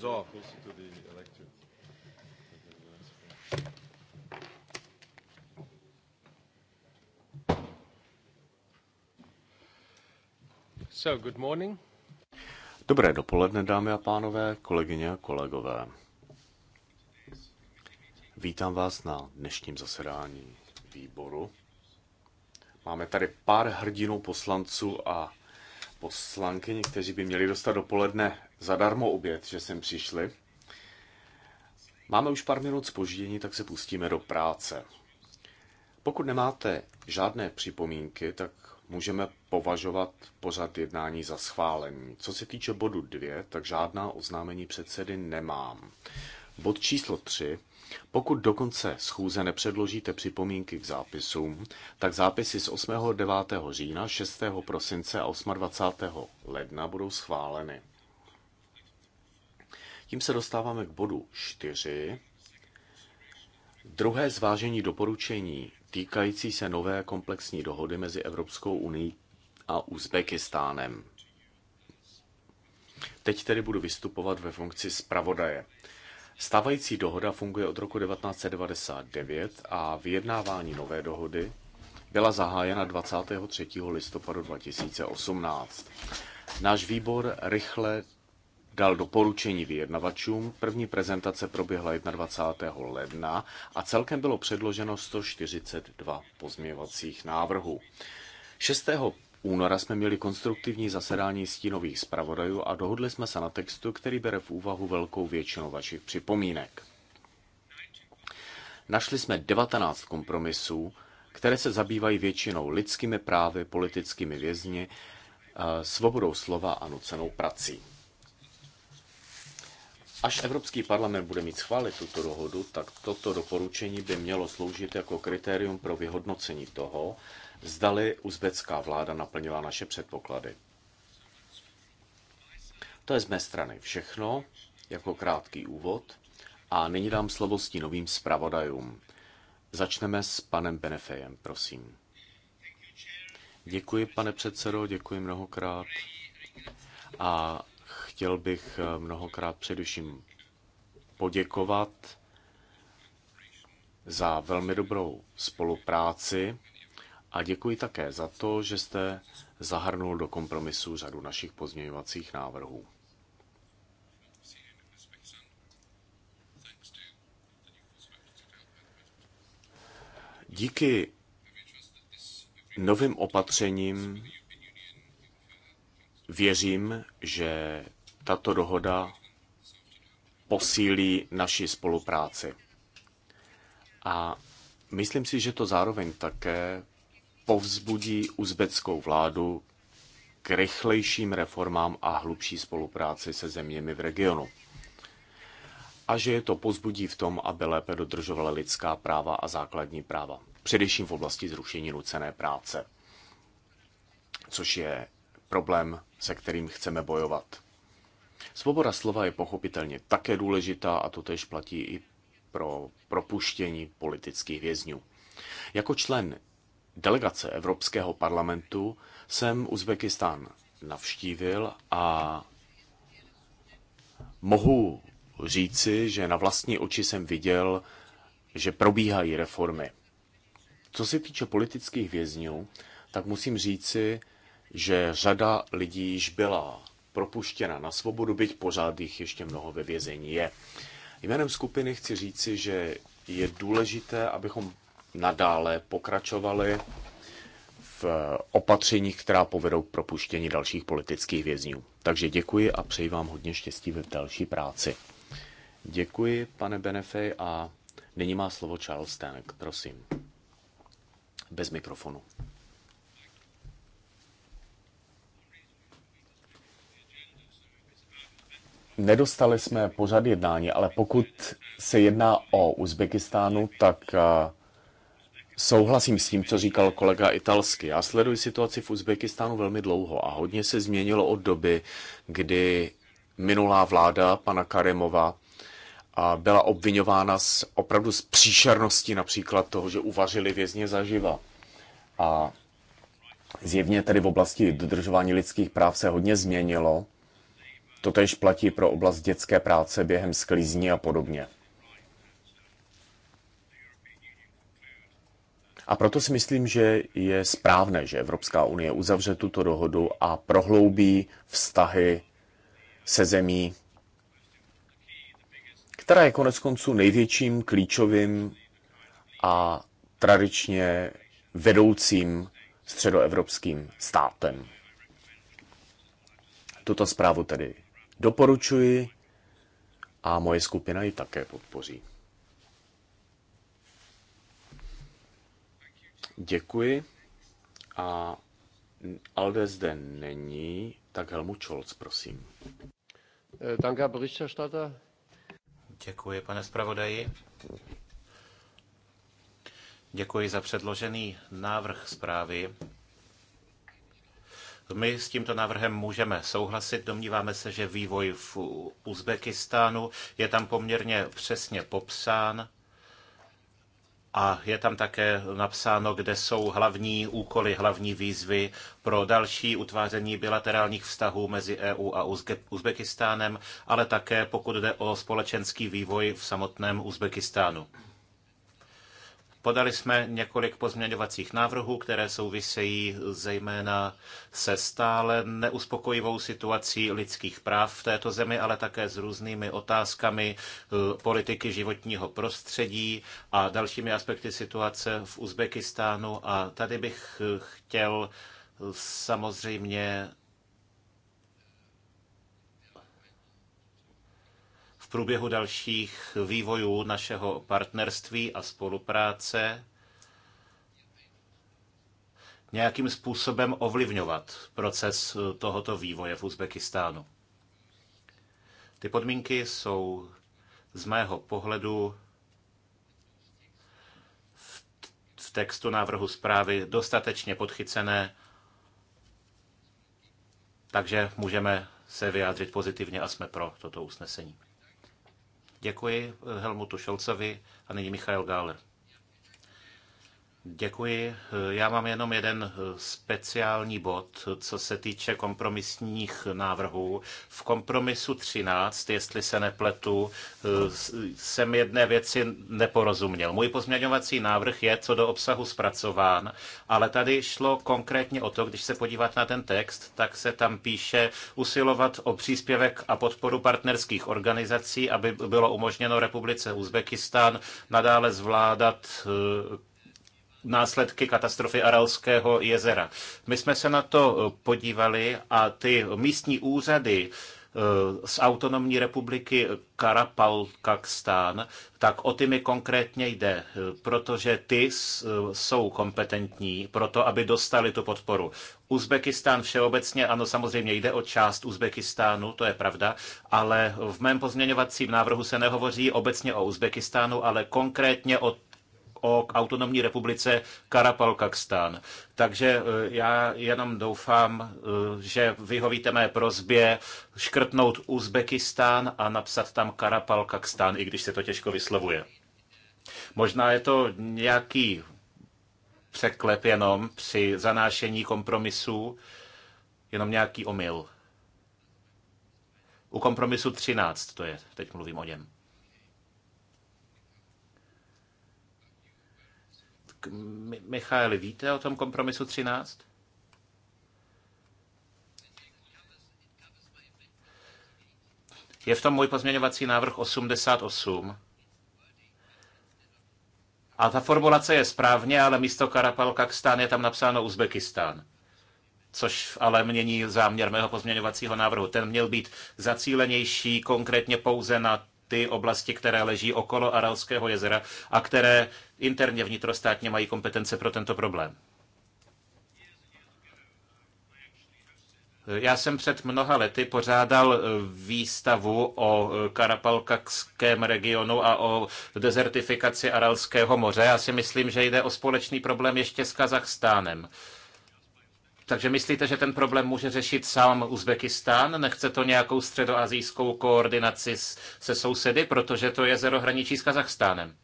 So. So, good morning. Dobré dopoledne, dámy a pánové, kolegyně a kolegové. Vítám vás na dnešním zasedání výboru. Máme tady pár hrdinů poslanců a poslankyni, kteří by měli dostat dopoledne zadarmo oběd, že sem přišli. Máme už pár minut spoždění, tak se pustíme do práce. Pokud nemáte žádné připomínky, tak můžeme považovat pořad jednání za schválený. Co se týče bodu 2, tak žádná oznámení předsedy nemám. Bod číslo 3 pokud do konce schůze nepředložíte připomínky k zápisům, tak zápisy z 8. 9. října, 6. prosince a 28. ledna budou schváleny. Tím se dostáváme k bodu 4. Druhé zvážení doporučení týkající se nové komplexní dohody mezi Evropskou unii a Uzbekistánem. Teď tedy budu vystupovat ve funkci zpravodaje. Stávající dohoda funguje od roku 1999 a vyjednávání nové dohody byla zahájena 23. listopadu 2018. Náš výbor rychle dal doporučení vyjednavačům. První prezentace proběhla 21. ledna a celkem bylo předloženo 142 pozměvacích návrhů. 6 února jsme měli konstruktivní zasedání stínových zpravodajů a dohodli jsme se na textu, který bere v úvahu velkou většinu vašich připomínek. Našli jsme 19 kompromisů, které se zabývají většinou lidskými právy, politickými vězni, eh, svobodou slova a nucenou prací. Až Evropský parlament bude mít schválit tuto dohodu, tak toto doporučení by mělo sloužit jako kritérium pro vyhodnocení toho, zdali uzbecká vláda naplnila naše předpoklady. To je z mé strany všechno, jako krátký úvod. A nyní dám slovo novým zpravodajům. Začneme s panem Benefejem, prosím. Děkuji, pane předsedo, děkuji mnohokrát. A chtěl bych mnohokrát především poděkovat za velmi dobrou spolupráci a děkuji také za to, že jste zahrnul do kompromisu řadu našich pozměňovacích návrhů. Díky novým opatřením věřím, že tato dohoda posílí naši spolupráci. A myslím si, že to zároveň také povzbudí uzbeckou vládu k rychlejším reformám a hlubší spolupráci se zeměmi v regionu. A že je to pozbudí v tom, aby lépe dodržovala lidská práva a základní práva, především v oblasti zrušení nucené práce, což je problém, se kterým chceme bojovat. Svoboda slova je pochopitelně také důležitá a to tež platí i pro propuštění politických vězňů. Jako člen delegace Evropského parlamentu jsem Uzbekistán navštívil a mohu říci, že na vlastní oči jsem viděl, že probíhají reformy. Co se týče politických vězňů, tak musím říci, že řada lidí již byla propuštěna na svobodu, byť pořád jich ještě mnoho ve vězení je. Jménem skupiny chci říci, že je důležité, abychom nadále pokračovali v opatřeních, která povedou k propuštění dalších politických vězňů. Takže děkuji a přeji vám hodně štěstí ve další práci. Děkuji, pane Benefej, a nyní má slovo Charles Stanek, prosím. Bez mikrofonu. Nedostali jsme pořad jednání, ale pokud se jedná o Uzbekistánu, tak eh, Souhlasím s tím, co říkal kolega italsky. Já sleduji situaci v Uzbekistánu velmi dlouho a hodně se změnilo od doby, kdy minulá vláda pana Karemova byla obvinována z, opravdu z příšernosti například toho, že uvařili vězně zaživa. A zjevně tedy v oblasti dodržování lidských práv se hodně změnilo. Totež platí pro oblast dětské práce během sklízní a podobně. A proto si myslím, že je správné, že Evropská unie uzavře tuto dohodu a prohloubí vztahy se zemí, která je konec konců největším klíčovým a tradičně vedoucím středoevropským státem. Tuto zprávu tedy doporučuji a moje skupina ji také podpoří. Děkuji. A Alde zde není, tak Helmut Scholz, prosím. Eh, danke, Berichterstatter. Děkuji, pane zpravodaji. Děkuji za předložený návrh zprávy. My s tímto návrhem můžeme souhlasit. Domníváme se, že vývoj v Uzbekistánu je tam poměrně přesně popsán a je tam také napsáno, kde jsou hlavní úkoly, hlavní výzvy pro další utváření bilaterálních vztahů mezi EU a Uzbekistánem, ale také pokud jde o společenský vývoj v samotném Uzbekistánu. Podali jsme několik pozměňovacích návrhů, které souvisejí zejména se stále neuspokojivou situací lidských práv v této zemi, ale také s různými otázkami eh, politiky životního prostředí a dalšími aspekty situace v Uzbekistánu. A tady bych eh, chtěl eh, samozřejmě průběhu dalších vývojů našeho partnerství a spolupráce nějakým způsobem ovlivňovat proces tohoto vývoje v Uzbekistánu. Ty podmínky jsou z mého pohledu v textu návrhu zprávy dostatečně podchycené, takže můžeme se vyjádřit pozitivně a jsme pro toto usnesení. Děkuji eh, Helmutu Šolcovi a nyní Michal Gáler. Děkuji. Já mám jenom jeden eh, speciální bod, co se týče kompromisních návrhů. V kompromisu 13, jestli se nepletu, eh, jsem jedné věci neporozuměl. Můj pozměňovací návrh je co do obsahu zpracován, ale tady šlo konkrétně o to, když se podívat na ten text, tak se tam píše usilovat o příspěvek a podporu partnerských organizací, aby bylo umožněno Republice Uzbekistán nadále zvládat eh, následky katastrofy Aralského jezera. My jsme se na to eh, podívali a ty místní úřady eh, z autonomní republiky Karapal Kakstán, tak o ty mi konkrétně jde, eh, protože ty jsou kompetentní pro to, aby dostali tu podporu. Uzbekistán všeobecně, ano, samozřejmě jde o část Uzbekistánu, to je pravda, ale v mém pozměňovacím návrhu se nehovoří obecně o Uzbekistánu, ale konkrétně o o autonomní republice Karapalkakstán. Takže e, já jenom doufám, e, že vyhovíte mé prozbě škrtnout Uzbekistán a napsat tam Karapalkakstán, i když se to těžko vyslovuje. Možná je to nějaký překlep jenom při zanášení kompromisů, jenom nějaký omyl. U kompromisu 13 to je, teď mluvím o něm. Michaeli, víte o tom kompromisu 13? Je v tom můj pozměňovací návrh 88. A ta formulace je správně, ale místo Karapal Kakstán je tam napsáno Uzbekistán. Což ale mění záměr mého pozměňovacího návrhu. Ten měl být zacílenější konkrétně pouze na ty oblasti, které leží okolo Aralského jezera a které interně vnitrostátně mají kompetence pro tento problém. Já jsem před mnoha lety pořádal eh, výstavu o eh, karapalkakském regionu a o dezertifikaci Aralského moře. Já si myslím, že jde o společný problém ještě s Kazachstánem. Takže myslíte, že ten problém může řešit sám Uzbekistán? Nechce to nějakou středoazijskou koordinaci se sousedy, protože to jezero hraničí s Kazachstánem?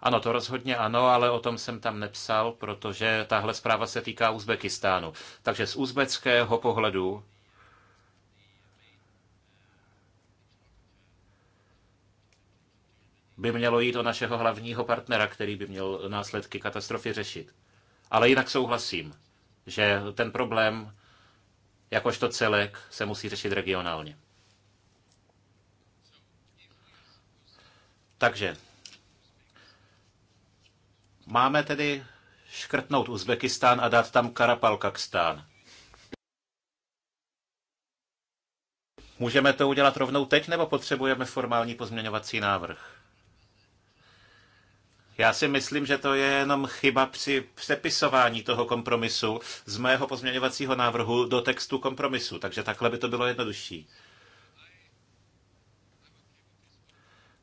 Ano, to rozhodně ano, ale o tom jsem tam nepsal, protože tahle zpráva se týká Uzbekistánu. Takže z uzbeckého pohledu by mělo jít o našeho hlavního partnera, který by měl následky katastrofy řešit. Ale jinak souhlasím že ten problém jakožto celek se musí řešit regionálně. Takže máme tedy škrtnout Uzbekistán a dát tam Karapalkakstán. Můžeme to udělat rovnou teď, nebo potřebujeme formální pozměňovací návrh? Já si myslím, že to je jenom chyba při přepisování toho kompromisu z mého pozměňovacího návrhu do textu kompromisu, takže takhle by to bylo jednodušší.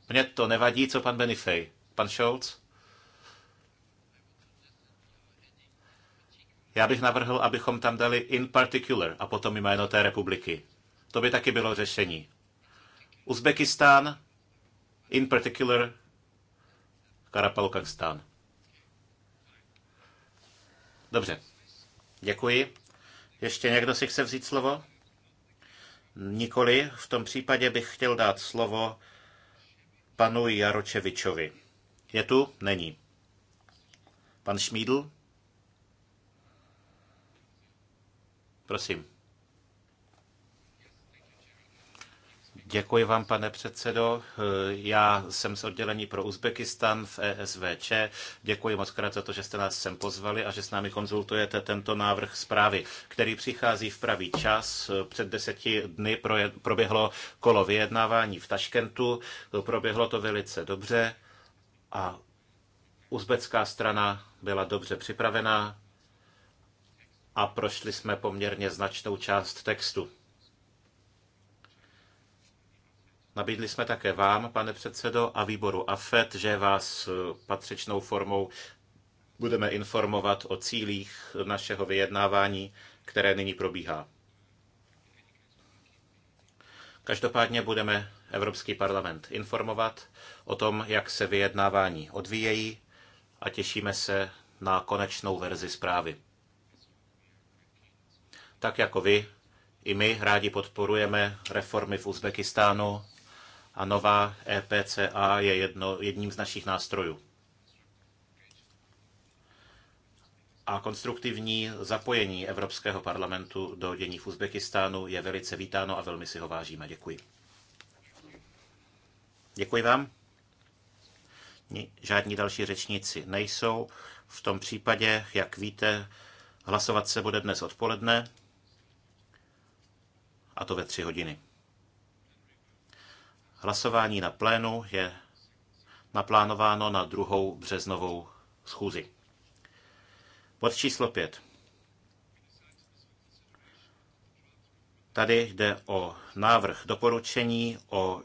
Mně to nevadí, co pan Benifej. Pan Scholz? Já bych navrhl, abychom tam dali in particular a potom jméno té republiky. To by taky bylo řešení. Uzbekistán, in particular Kakstán. Dobře, děkuji. Ještě někdo si chce vzít slovo? Nikoli, v tom případě bych chtěl dát slovo panu Jaročevičovi. Je tu? Není. Pan Šmídl? Prosím. Děkuji vám, pane předsedo. Já jsem z oddělení pro Uzbekistan v ESVČ. Děkuji moc krát za to, že jste nás sem pozvali a že s námi konzultujete tento návrh zprávy, který přichází v pravý čas. Před deseti dny proběhlo kolo vyjednávání v Taškentu. Proběhlo to velice dobře a uzbecká strana byla dobře připravená a prošli jsme poměrně značnou část textu. Nabídli jsme také vám, pane předsedo, a výboru AFET, že vás eh, patřičnou formou budeme informovat o cílích našeho vyjednávání, které nyní probíhá. Každopádně budeme Evropský parlament informovat o tom, jak se vyjednávání odvíjejí a těšíme se na konečnou verzi zprávy. Tak jako vy, i my rádi podporujeme reformy v Uzbekistánu a nová EPCA je jedno, jedním z našich nástrojů. A konstruktivní zapojení Evropského parlamentu do dění v Uzbekistánu je velice vítáno a velmi si ho vážíme. Děkuji. Děkuji vám. Žádní další řečníci nejsou. V tom případě, jak víte, hlasovat se bude dnes odpoledne, a to ve tři hodiny. Hlasování na plénu je naplánováno na druhou březnovou schůzi. Bod číslo 5. Tady jde o návrh doporučení o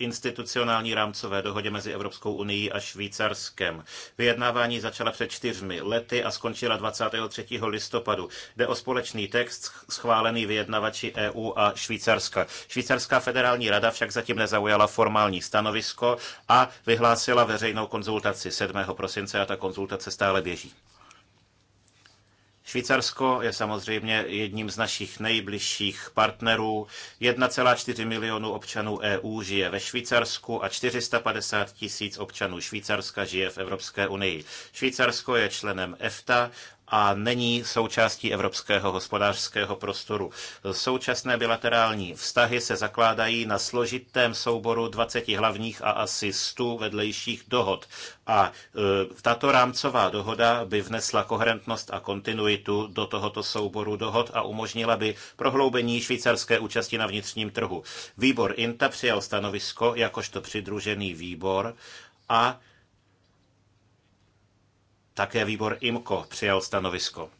institucionální rámcové dohodě mezi Evropskou unii a Švýcarskem. Vyjednávání začala před čtyřmi lety a skončila 23. listopadu. Jde o společný text schválený vyjednavači EU a Švýcarska. Švýcarská federální rada však zatím nezaujala formální stanovisko a vyhlásila veřejnou konzultaci 7. prosince a ta konzultace stále běží. Švýcarsko je samozřejmě jedním z našich nejbližších partnerů. 1,4 milionu občanů EU žije ve Švýcarsku a 450 tisíc občanů Švýcarska žije v Evropské unii. Švýcarsko je členem EFTA a není součástí evropského hospodářského prostoru. Současné bilaterální vztahy se zakládají na složitém souboru 20 hlavních a asi 100 vedlejších dohod. A e, tato rámcová dohoda by vnesla koherentnost a kontinuitu do tohoto souboru dohod a umožnila by prohloubení švýcarské účasti na vnitřním trhu. Výbor INTA přijal stanovisko jakožto přidružený výbor a také výbor IMKO přijal stanovisko.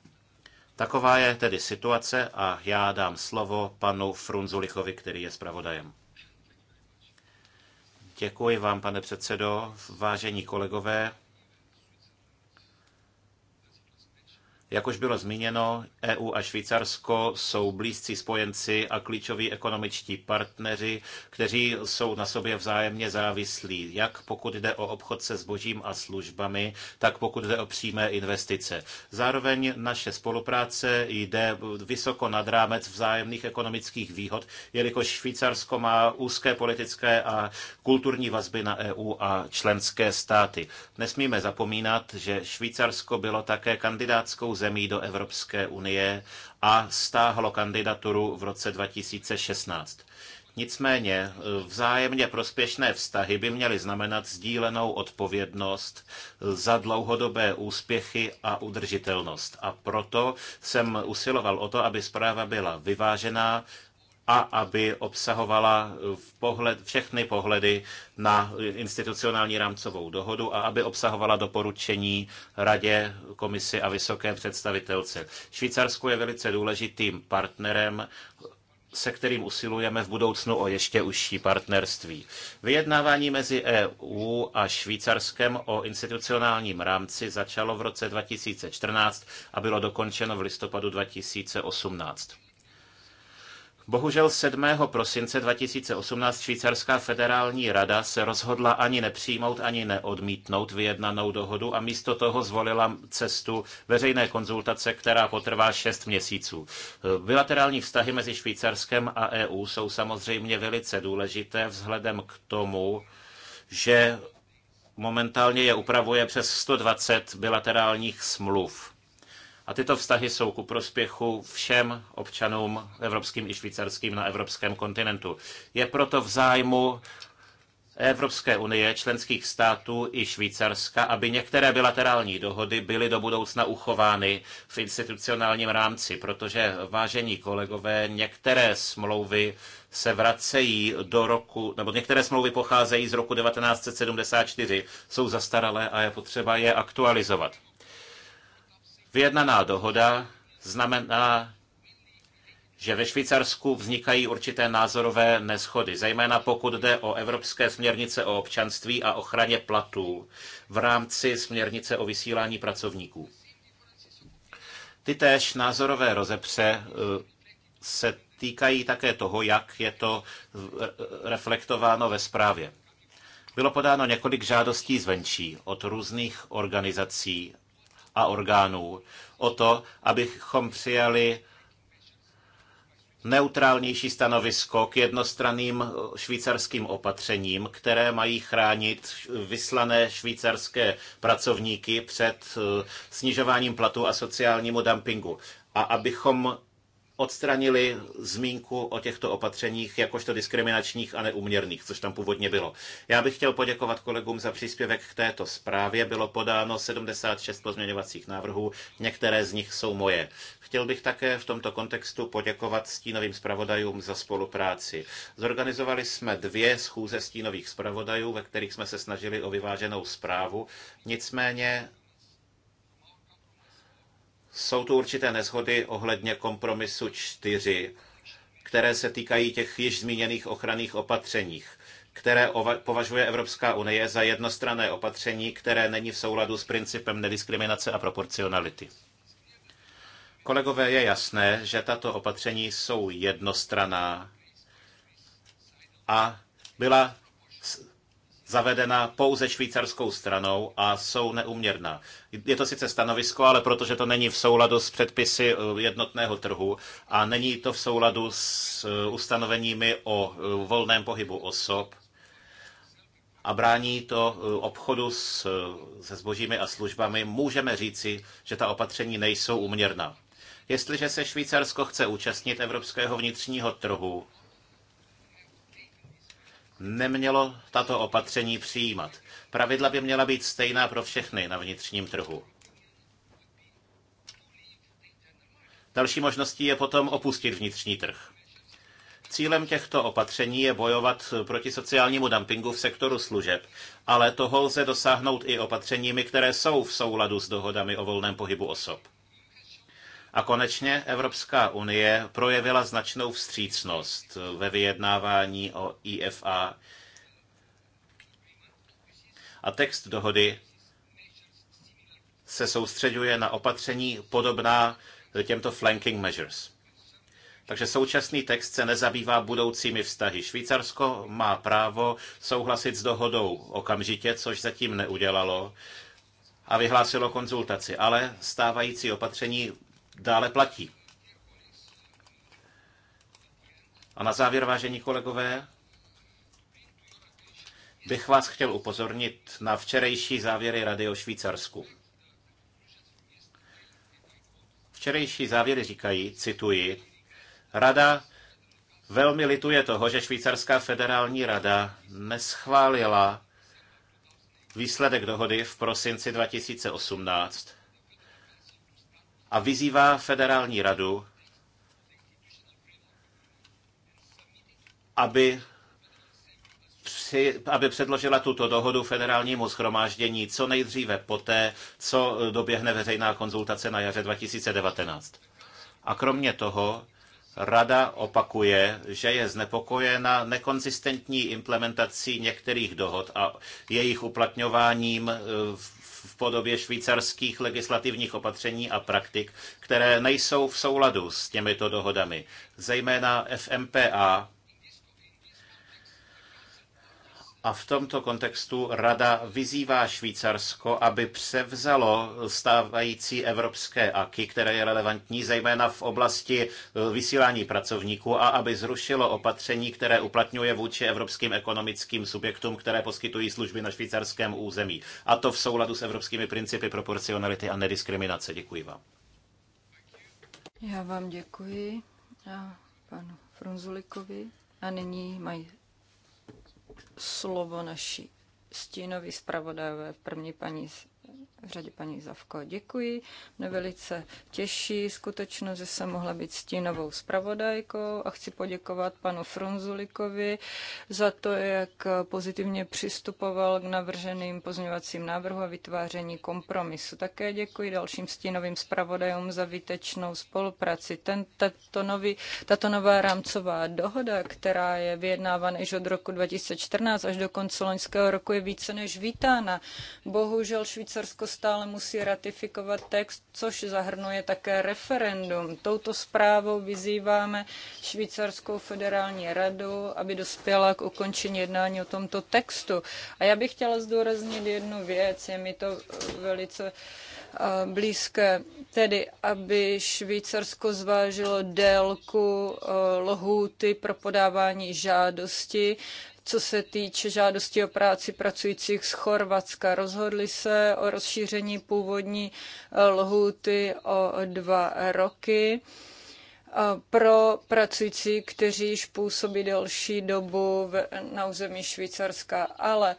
Taková je tedy situace a já dám slovo panu Frunzulichovi, který je zpravodajem. Děkuji vám, pane předsedo, vážení kolegové. Jak už bylo zmíněno, EU a Švýcarsko jsou blízcí spojenci a klíčoví ekonomičtí partneři, kteří jsou na sobě vzájemně závislí, jak pokud jde o obchod se zbožím a službami, tak pokud jde o přímé investice. Zároveň naše spolupráce jde vysoko nad rámec vzájemných ekonomických výhod, jelikož Švýcarsko má úzké politické a kulturní vazby na EU a členské státy. Nesmíme zapomínat, že Švýcarsko bylo také kandidátskou zemí do Evropské unie a stáhlo kandidaturu v roce 2016. Nicméně vzájemně prospěšné vztahy by měly znamenat sdílenou odpovědnost za dlouhodobé úspěchy a udržitelnost. A proto jsem usiloval o to, aby zpráva byla vyvážená, a aby obsahovala pohled, všechny pohledy na institucionální rámcovou dohodu a aby obsahovala doporučení radě, komisi a vysoké představitelce. Švýcarsko je velice důležitým partnerem se kterým usilujeme v budoucnu o ještě užší partnerství. Vyjednávání mezi EU a Švýcarskem o institucionálním rámci začalo v roce 2014 a bylo dokončeno v listopadu 2018. Bohužel 7. prosince 2018 Švýcarská federální rada se rozhodla ani nepřijmout, ani neodmítnout vyjednanou dohodu a místo toho zvolila cestu veřejné konzultace, která potrvá 6 měsíců. Bilaterální vztahy mezi Švýcarskem a EU jsou samozřejmě velice důležité vzhledem k tomu, že momentálně je upravuje přes 120 bilaterálních smluv. A tyto vztahy jsou ku prospěchu všem občanům evropským i švýcarským na evropském kontinentu. Je proto v zájmu Evropské unie, členských států i Švýcarska, aby některé bilaterální dohody byly do budoucna uchovány v institucionálním rámci, protože, vážení kolegové, některé smlouvy se vracejí do roku, nebo některé smlouvy pocházejí z roku 1974, jsou zastaralé a je potřeba je aktualizovat. Vyjednaná dohoda znamená, že ve Švýcarsku vznikají určité názorové neschody, zejména pokud jde o evropské směrnice o občanství a ochraně platů v rámci směrnice o vysílání pracovníků. Ty též názorové rozepře eh, se týkají také toho, jak je to eh, reflektováno ve zprávě. Bylo podáno několik žádostí zvenčí od různých organizací a orgánů o to, abychom přijali neutrálnější stanovisko k jednostranným švýcarským opatřením, které mají chránit vyslané švýcarské pracovníky před eh, snižováním platu a sociálnímu dumpingu. A abychom odstranili zmínku o těchto opatřeních jakožto diskriminačních a neuměrných, což tam původně bylo. Já bych chtěl poděkovat kolegům za příspěvek k této zprávě. Bylo podáno 76 pozměňovacích návrhů, některé z nich jsou moje. Chtěl bych také v tomto kontextu poděkovat stínovým zpravodajům za spolupráci. Zorganizovali jsme dvě schůze stínových zpravodajů, ve kterých jsme se snažili o vyváženou zprávu. Nicméně jsou tu určité nezhody ohledně kompromisu 4, které se týkají těch již zmíněných ochranných opatřeních, které považuje Evropská unie za jednostranné opatření, které není v souladu s principem nediskriminace a proporcionality. Kolegové, je jasné, že tato opatření jsou jednostraná a byla zavedena pouze švýcarskou stranou a jsou neuměrná. Je to sice stanovisko, ale protože to není v souladu s předpisy eh, jednotného trhu a není to v souladu s eh, ustanoveními o eh, volném pohybu osob, a brání to obchodu s, se zbožími a službami, můžeme říci, že ta opatření nejsou uměrná. Jestliže se Švýcarsko chce účastnit evropského vnitřního trhu, nemělo tato opatření přijímat. Pravidla by měla být stejná pro všechny na vnitřním trhu. Další možností je potom opustit vnitřní trh. Cílem těchto opatření je bojovat proti sociálnímu dumpingu v sektoru služeb, ale toho lze dosáhnout i opatřeními, které jsou v souladu s dohodami o volném pohybu osob. A konečně Evropská unie projevila značnou vstřícnost ve vyjednávání o IFA a text dohody se soustředuje na opatření podobná těmto flanking measures. Takže současný text se nezabývá budoucími vztahy. Švýcarsko má právo souhlasit s dohodou okamžitě, což zatím neudělalo a vyhlásilo konzultaci, ale stávající opatření dále platí. A na závěr, vážení kolegové, bych vás chtěl upozornit na včerejší závěry Rady o Švýcarsku. Včerejší závěry říkají, cituji, Rada velmi lituje toho, že Švýcarská federální rada neschválila výsledek dohody v prosinci 2018 a vyzývá federální radu, aby při, aby předložila tuto dohodu federálnímu schromáždění co nejdříve poté, co doběhne veřejná konzultace na jaře 2019. A kromě toho Rada opakuje, že je znepokojena nekonzistentní implementací některých dohod a jejich uplatňováním eh, v v podobě švýcarských legislativních opatření a praktik, které nejsou v souladu s těmito dohodami, zejména FMPA, a v tomto kontextu Rada vyzývá Švýcarsko, aby převzalo stávající evropské aky, které je relevantní zejména v oblasti eh, vysílání pracovníků a aby zrušilo opatření, které uplatňuje vůči evropským ekonomickým subjektům, které poskytují služby na švýcarském území. A to v souladu s evropskými principy proporcionality a nediskriminace. Děkuji vám. Já vám děkuji a panu Frunzulikovi. A nyní mají slovo naší stínové zpravodajové, první paní řadě paní Zavko. Děkuji. Mě velice těší skutečnost, že jsem mohla být stínovou zpravodajkou a chci poděkovat panu Frunzulikovi za to, jak pozitivně přistupoval k navrženým pozměňovacím návrhu a vytváření kompromisu. Také děkuji dalším stínovým zpravodajům za výtečnou spolupráci. Ten, tato, nový, tato nová rámcová dohoda, která je vyjednávána již od roku 2014 až do konce loňského roku, je více než vítána. Bohužel Švýcarsko stále musí ratifikovat text, což zahrnuje také referendum. Touto zprávou vyzýváme Švýcarskou federální radu, aby dospěla k ukončení jednání o tomto textu. A já bych chtěla zdůraznit jednu věc, je mi to eh, velice eh, blízké, tedy aby Švýcarsko zvážilo délku eh, lhůty pro podávání žádosti co se týče žádosti o práci pracujících z Chorvatska. Rozhodli se o rozšíření původní eh, lhůty o dva roky eh, pro pracující, kteří již působí delší dobu na území Švýcarska, ale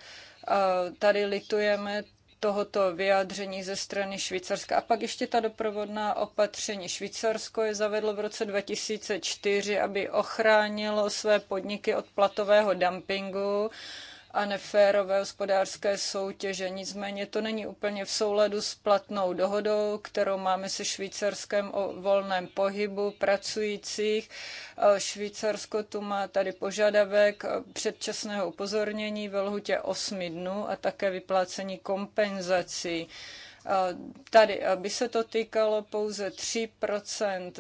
eh, tady litujeme tohoto vyjádření ze strany Švýcarska. A pak ještě ta doprovodná opatření. Švýcarsko je zavedlo v roce 2004, aby ochránilo své podniky od platového dumpingu a neférové hospodářské soutěže. Nicméně to není úplně v souladu s platnou dohodou, kterou máme se Švýcarskem o volném pohybu pracujících. Švýcarsko tu má tady požadavek předčasného upozornění ve lhutě 8 dnů a také vyplácení kompenzací. Tady eh, by se to týkalo pouze 3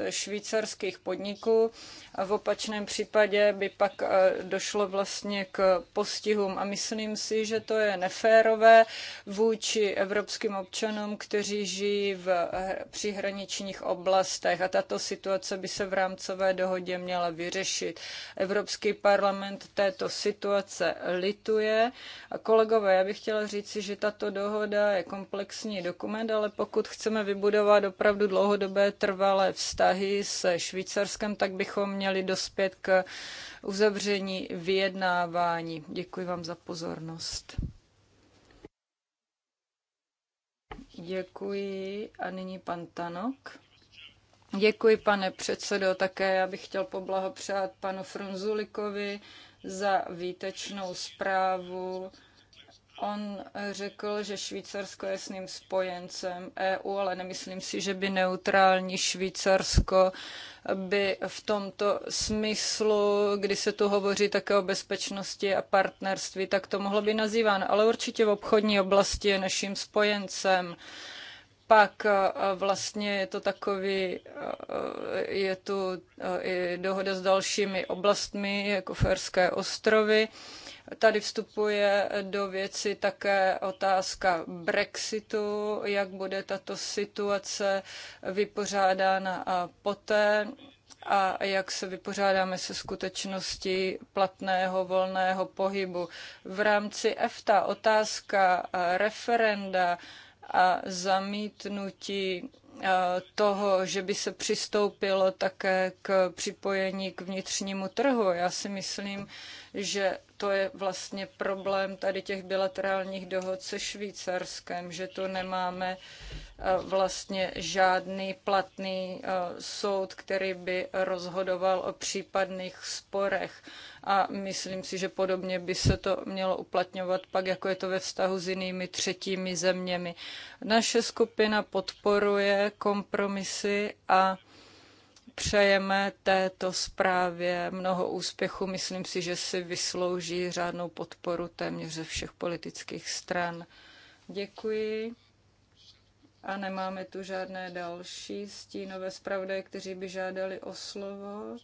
švýcarských podniků a v opačném případě by pak eh, došlo vlastně k postihům. A myslím si, že to je neférové vůči evropským občanům, kteří žijí v eh, přihraničních oblastech. A tato situace by se v rámcové dohodě měla vyřešit. Evropský parlament této situace lituje. A kolegové, já bych chtěla říci, že tato dohoda je komplexní dohoda dokument, ale pokud chceme vybudovat opravdu dlouhodobé trvalé vztahy se Švýcarskem, tak bychom měli dospět k uzavření vyjednávání. Děkuji vám za pozornost. Děkuji. A nyní pan Tanok. Děkuji, pane předsedo. Také já bych chtěl poblahopřát panu Frunzulikovi za výtečnou zprávu On řekl, že Švýcarsko je s ním spojencem EU, ale nemyslím si, že by neutrální Švýcarsko by v tomto smyslu, kdy se tu hovoří také o bezpečnosti a partnerství, tak to mohlo být nazýváno. Ale určitě v obchodní oblasti je naším spojencem pak eh, vlastně je to takový, eh, je tu eh, i dohoda s dalšími oblastmi, jako Ferské ostrovy, Tady vstupuje do věci také otázka Brexitu, jak bude tato situace vypořádána a poté a jak se vypořádáme se skutečností platného volného pohybu. V rámci EFTA otázka referenda a zamítnutí eh, toho, že by se přistoupilo také k připojení k vnitřnímu trhu. Já si myslím, že to je vlastně problém tady těch bilaterálních dohod se Švýcarskem, že tu nemáme eh, vlastně žádný platný eh, soud, který by rozhodoval o případných sporech. A myslím si, že podobně by se to mělo uplatňovat pak, jako je to ve vztahu s jinými třetími zeměmi. Naše skupina podporuje kompromisy a přejeme této zprávě mnoho úspěchu. Myslím si, že si vyslouží řádnou podporu téměř ze všech politických stran. Děkuji. A nemáme tu žádné další stínové zpravodaje, kteří by žádali o slovo.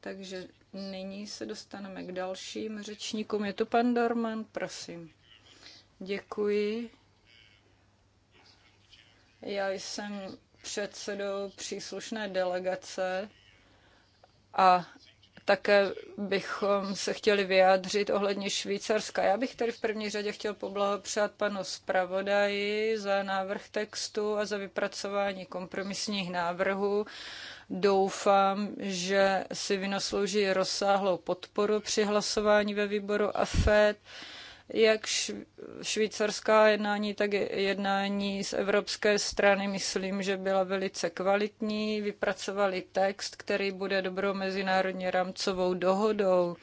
Takže nyní se dostaneme k dalším řečníkům. Je tu pan Dorman, prosím. Děkuji. Já jsem předsedou příslušné delegace a také bychom se chtěli vyjádřit ohledně Švýcarska. Já bych tady v první řadě chtěl poblahopřát panu zpravodaji za návrh textu a za vypracování kompromisních návrhů. Doufám, že si vynoslouží rozsáhlou podporu při hlasování ve výboru AFED jak švýcarská jednání, tak jednání z evropské strany, myslím, že byla velice kvalitní. Vypracovali text, který bude dobrou mezinárodně rámcovou dohodou.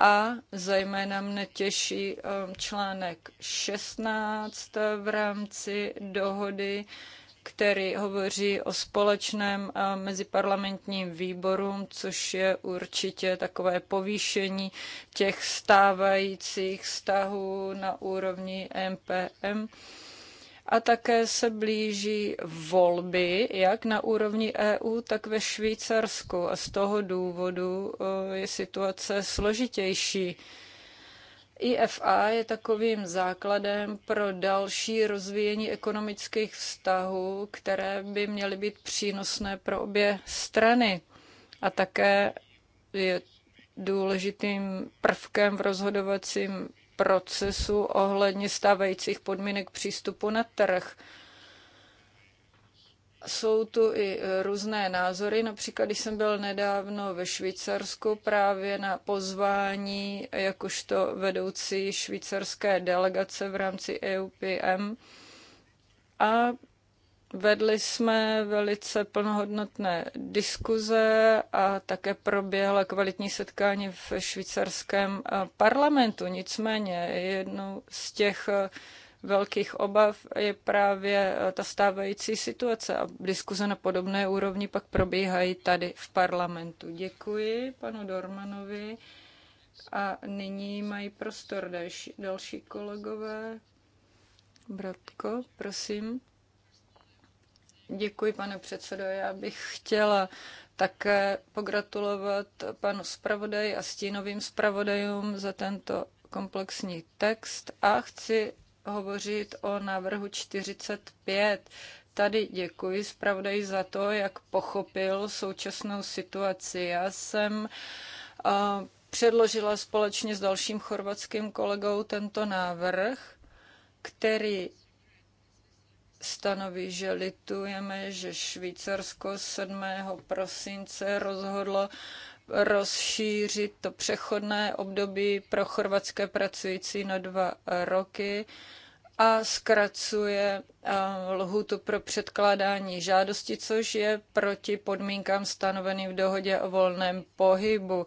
A zejména mne těší um, článek 16 v rámci dohody, který hovoří o společném meziparlamentním výboru, což je určitě takové povýšení těch stávajících vztahů na úrovni MPM. A také se blíží volby, jak na úrovni EU, tak ve Švýcarsku. A z toho důvodu je situace složitější IFA je takovým základem pro další rozvíjení ekonomických vztahů, které by měly být přínosné pro obě strany. A také je důležitým prvkem v rozhodovacím procesu ohledně stávajících podmínek přístupu na trh jsou tu i e, různé názory. Například, když jsem byl nedávno ve Švýcarsku právě na pozvání jakožto vedoucí švýcarské delegace v rámci EUPM a vedli jsme velice plnohodnotné diskuze a také proběhla kvalitní setkání v švýcarském e, parlamentu. Nicméně jednou z těch e, velkých obav je právě eh, ta stávající situace a diskuze na podobné úrovni pak probíhají tady v parlamentu. Děkuji panu Dormanovi a nyní mají prostor další, další kolegové. Bratko, prosím. Děkuji, pane předsedo. Já bych chtěla také pogratulovat panu zpravodaji a stínovým zpravodajům za tento komplexní text a chci hovořit o návrhu 45. Tady děkuji zpravodaji za to, jak pochopil současnou situaci. Já jsem předložila společně s dalším chorvatským kolegou tento návrh, který stanoví, že litujeme, že Švýcarsko 7. prosince rozhodlo rozšířit to přechodné období pro chorvatské pracující na dva roky a zkracuje lhutu pro předkládání žádosti, což je proti podmínkám stanoveným v dohodě o volném pohybu.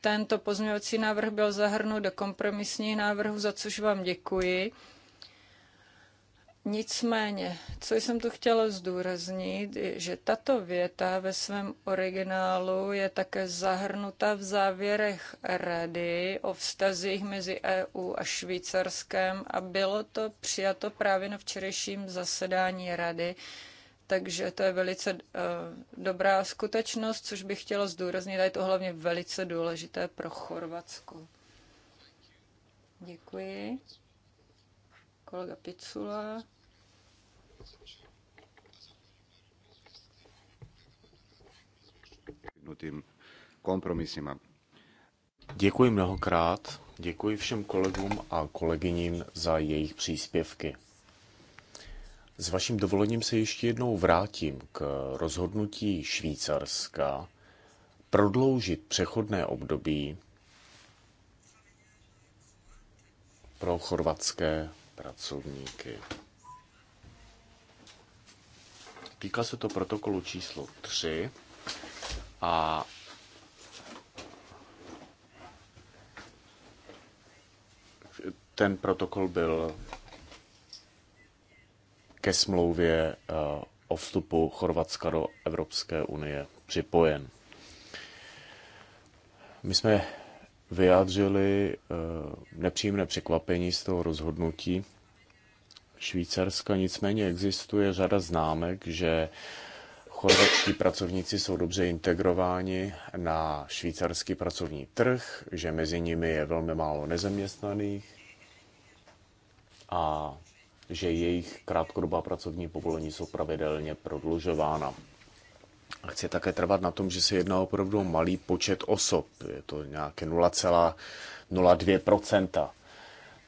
Tento pozměňovací návrh byl zahrnut do kompromisních návrhů, za což vám děkuji. Nicméně, co jsem tu chtěla zdůraznit, je, že tato věta ve svém originálu je také zahrnuta v závěrech Rady o vztazích mezi EU a Švýcarskem a bylo to přijato právě na včerejším zasedání Rady, takže to je velice uh, dobrá skutečnost, což bych chtěla zdůraznit, a je to hlavně velice důležité pro Chorvatsko. Děkuji kolega Picula. dosáhnutým kompromisima. Děkuji mnohokrát. Děkuji všem kolegům a kolegyním za jejich příspěvky. S vaším dovolením se ještě jednou vrátím k rozhodnutí Švýcarska prodloužit přechodné období pro chorvatské pracovníky. Týká se to protokolu číslo 3 a ten protokol byl ke smlouvě eh, o vstupu Chorvatska do Evropské unie připojen. My jsme vyjádřili eh, nepříjemné překvapení z toho rozhodnutí Švýcarska, nicméně existuje řada známek, že chorvatští pracovníci jsou dobře integrováni na švýcarský pracovní trh, že mezi nimi je velmi málo nezaměstnaných a že jejich krátkodobá pracovní povolení jsou pravidelně prodlužována. Chci také trvat na tom, že se jedná opravdu o malý počet osob. Je to nějaké 0,02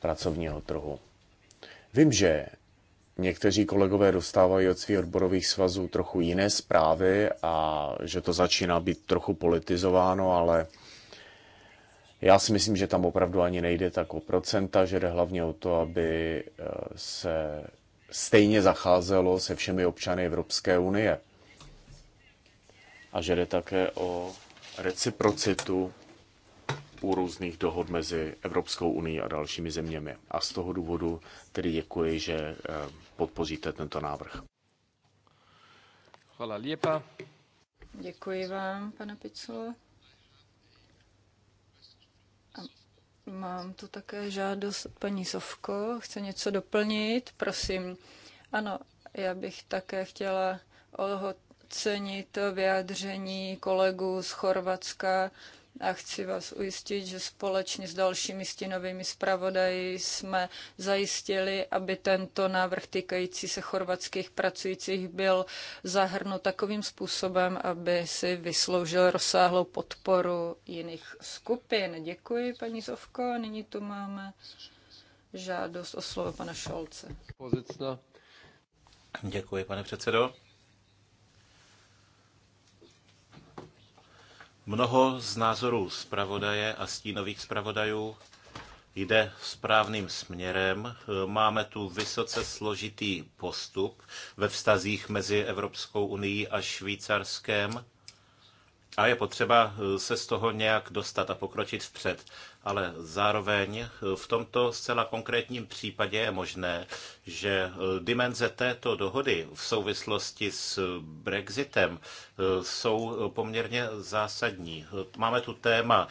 pracovního trhu. Vím, že někteří kolegové dostávají od svých odborových svazů trochu jiné zprávy a že to začíná být trochu politizováno, ale já si myslím, že tam opravdu ani nejde tak o procenta, že jde hlavně o to, aby eh, se stejně zacházelo se všemi občany Evropské unie. A že jde také o reciprocitu u různých dohod mezi Evropskou unii a dalšími zeměmi. A z toho důvodu tedy děkuji, že eh, podpoříte tento návrh. Hvala lepa. Děkuji vám, pane Picolo. Mám tu také žádost od paní Sovko. Chce něco doplnit? Prosím. Ano, já bych také chtěla ohodnotit cenit vyjádření kolegů z Chorvatska a chci vás ujistit, že společně s dalšími stínovými zpravodaji jsme zajistili, aby tento návrh týkající se chorvatských pracujících byl zahrnut takovým způsobem, aby si vysloužil rozsáhlou podporu jiných skupin. Děkuji, paní Zovko. Nyní tu máme žádost o slovo pana Šolce. Děkuji, pane předsedo. Mnoho z názorů zpravodaje a stínových zpravodajů jde správným směrem. Máme tu vysoce složitý postup ve vztazích mezi Evropskou unii a Švýcarskem a je potřeba eh, se z toho nějak dostat a pokročit vpřed. Ale zároveň eh, v tomto zcela konkrétním případě je možné, že eh, dimenze této dohody v souvislosti s Brexitem jsou poměrně zásadní. Máme tu téma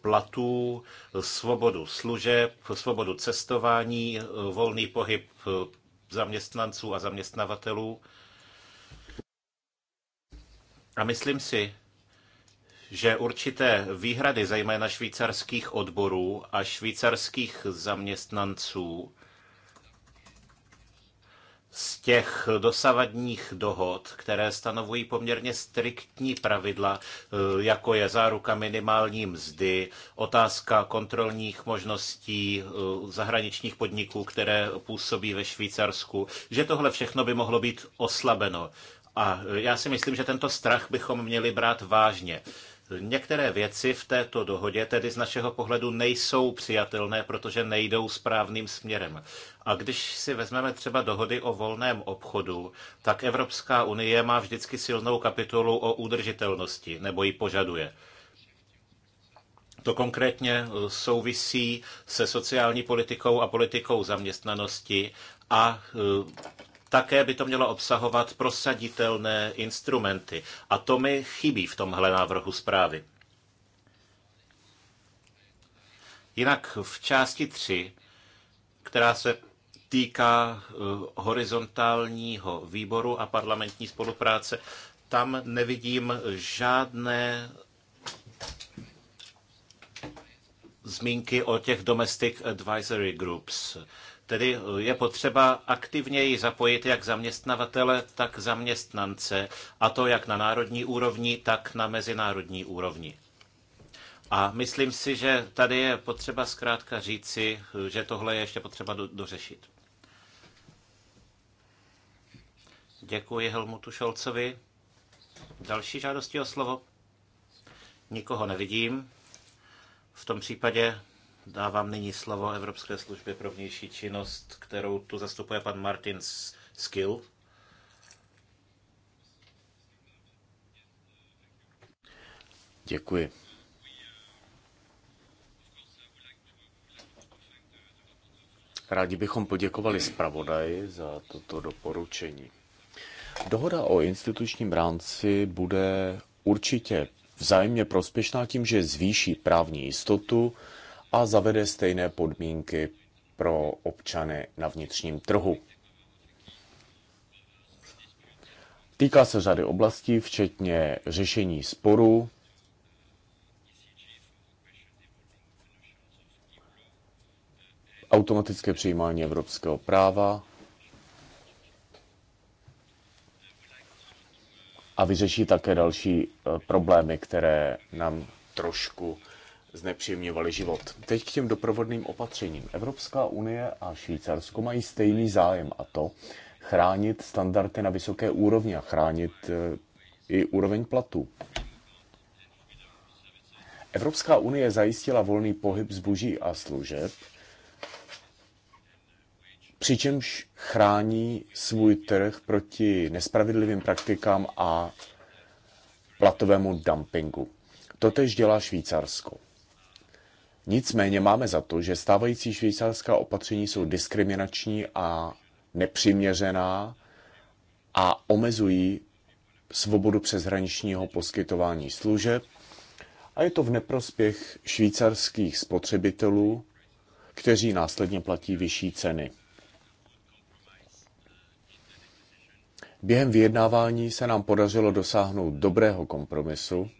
platů, svobodu služeb, svobodu cestování, volný pohyb zaměstnanců a zaměstnavatelů. A myslím si, že určité výhrady, zejména švýcarských odborů a švýcarských zaměstnanců, z těch dosavadních dohod, které stanovují poměrně striktní pravidla, e, jako je záruka minimální mzdy, otázka kontrolních možností e, zahraničních podniků, které působí ve Švýcarsku, že tohle všechno by mohlo být oslabeno. A já si myslím, že tento strach bychom měli brát vážně. Některé věci v této dohodě tedy z našeho pohledu nejsou přijatelné, protože nejdou správným směrem. A když si vezmeme třeba dohody o volném obchodu, tak Evropská unie má vždycky silnou kapitolu o udržitelnosti, nebo ji požaduje. To konkrétně eh, souvisí se sociální politikou a politikou zaměstnanosti a eh, také by to mělo obsahovat prosaditelné instrumenty. A to mi chybí v tomhle návrhu zprávy. Jinak v části 3, která se týká eh, horizontálního výboru a parlamentní spolupráce, tam nevidím žádné zmínky o těch domestic advisory groups. Tedy je potřeba aktivněji zapojit jak zaměstnavatele, tak zaměstnance, a to jak na národní úrovni, tak na mezinárodní úrovni. A myslím si, že tady je potřeba zkrátka říci, že tohle je ještě potřeba do, dořešit. Děkuji Helmutu Šolcovi. Další žádosti o slovo? Nikoho nevidím. V tom případě Dávám nyní slovo Evropské službě pro vnější činnost, kterou tu zastupuje pan Martin Skill. Děkuji. Rádi bychom poděkovali zpravodaji za toto doporučení. Dohoda o institučním rámci bude určitě vzájemně prospěšná tím, že zvýší právní jistotu, a zavede stejné podmínky pro občany na vnitřním trhu. Týká se řady oblastí, včetně řešení sporů, automatické přijímání evropského práva a vyřeší také další eh, problémy, které nám trošku znepříjemňovaly život. Teď k těm doprovodným opatřením. Evropská unie a Švýcarsko mají stejný zájem a to chránit standardy na vysoké úrovni a chránit eh, i úroveň platů. Evropská unie zajistila volný pohyb zboží a služeb, přičemž chrání svůj trh proti nespravedlivým praktikám a platovému dumpingu. Totež dělá Švýcarsko. Nicméně máme za to, že stávající švýcarská opatření jsou diskriminační a nepřiměřená a omezují svobodu přeshraničního poskytování služeb a je to v neprospěch švýcarských spotřebitelů, kteří následně platí vyšší ceny. Během vyjednávání se nám podařilo dosáhnout dobrého kompromisu,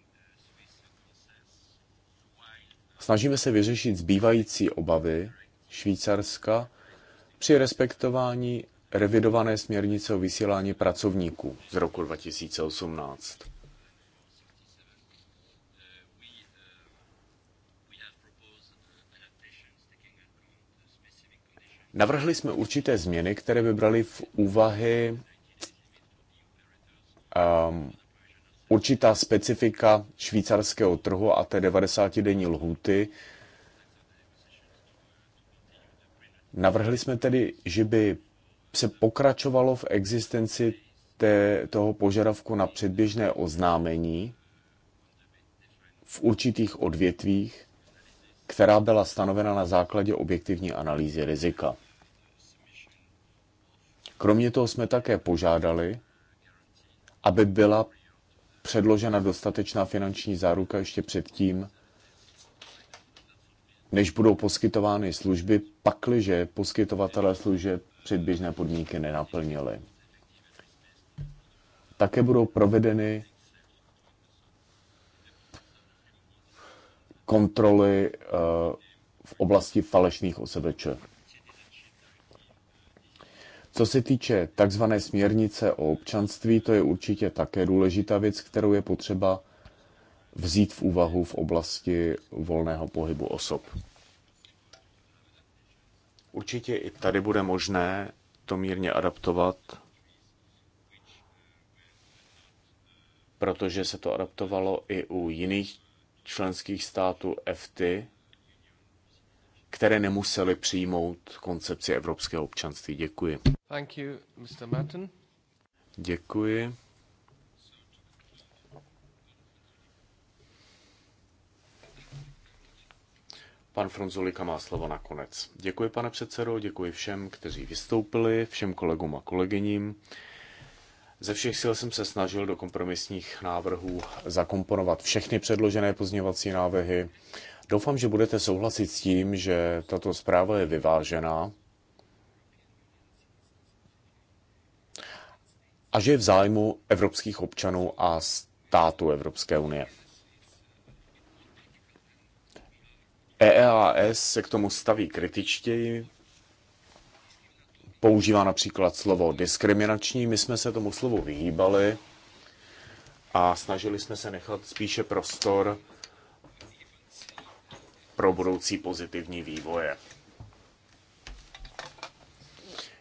Snažíme se vyřešit zbývající obavy Švýcarska při respektování revidované směrnice o vysílání pracovníků z roku 2018. Navrhli jsme určité změny, které by braly v úvahy um, určitá specifika švýcarského trhu a té 90-denní lhuty. Navrhli jsme tedy, že by se pokračovalo v existenci té, toho požadavku na předběžné oznámení v určitých odvětvích, která byla stanovena na základě objektivní analýzy rizika. Kromě toho jsme také požádali, aby byla předložena dostatečná finanční záruka ještě předtím, než budou poskytovány služby, pakliže poskytovatelé služeb předběžné podmínky nenaplnili. Také budou provedeny kontroly eh, v oblasti falešných osebeček. Co se týče takzvané směrnice o občanství, to je určitě také důležitá věc, kterou je potřeba vzít v úvahu v oblasti volného pohybu osob. Určitě i tady bude možné to mírně adaptovat, protože se to adaptovalo i u jiných členských států FT, které nemuseli přijmout koncepci evropského občanství. Děkuji. Thank you, Mr. Martin. Děkuji. Pan Fronzolika má slovo nakonec. Děkuji, pane předsedo, děkuji všem, kteří vystoupili, všem kolegům a kolegyním. Ze všech sil jsem se snažil do kompromisních návrhů zakomponovat všechny předložené pozměňovací návrhy. Doufám, že budete souhlasit s tím, že tato zpráva je vyvážená a že je v zájmu evropských občanů a států Evropské unie. EEAS se k tomu staví kritičtěji, používá například slovo diskriminační. My jsme se tomu slovu vyhýbali a snažili jsme se nechat spíše prostor pro budoucí pozitivní vývoje.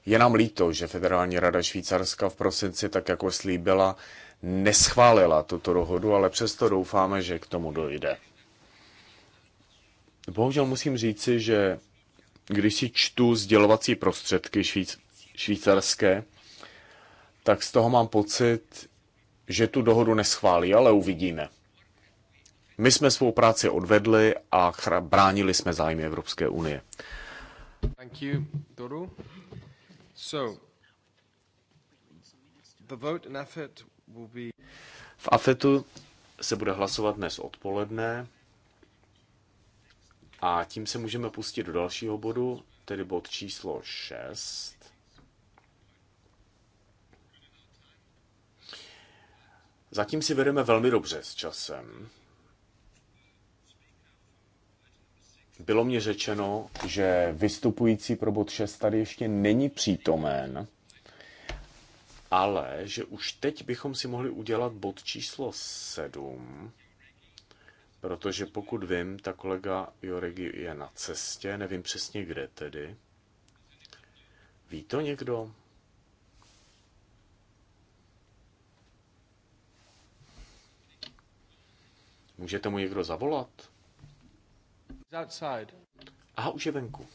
Je nám líto, že Federální rada Švýcarska v prosinci, tak jako slíbila, neschválila tuto dohodu, ale přesto doufáme, že k tomu dojde. Bohužel musím říci, že když si čtu sdělovací prostředky švýc, švýcarské, tak z toho mám pocit, že tu dohodu neschválí, ale uvidíme. My jsme svou práci odvedli a bránili jsme zájmy Evropské unie. Thank you, Doru. So, the vote in AFET will be... V AFETu se bude hlasovat dnes odpoledne a tím se můžeme pustit do dalšího bodu, tedy bod číslo 6. Zatím si vedeme velmi dobře s časem. Bylo mě řečeno, že vystupující pro bod 6 tady ještě není přítomen, ale že už teď bychom si mohli udělat bod číslo 7, protože pokud vím, ta kolega Joregi je na cestě, nevím přesně kde tedy. Ví to někdo? Můžete mu někdo zavolat? Aha, už je venku.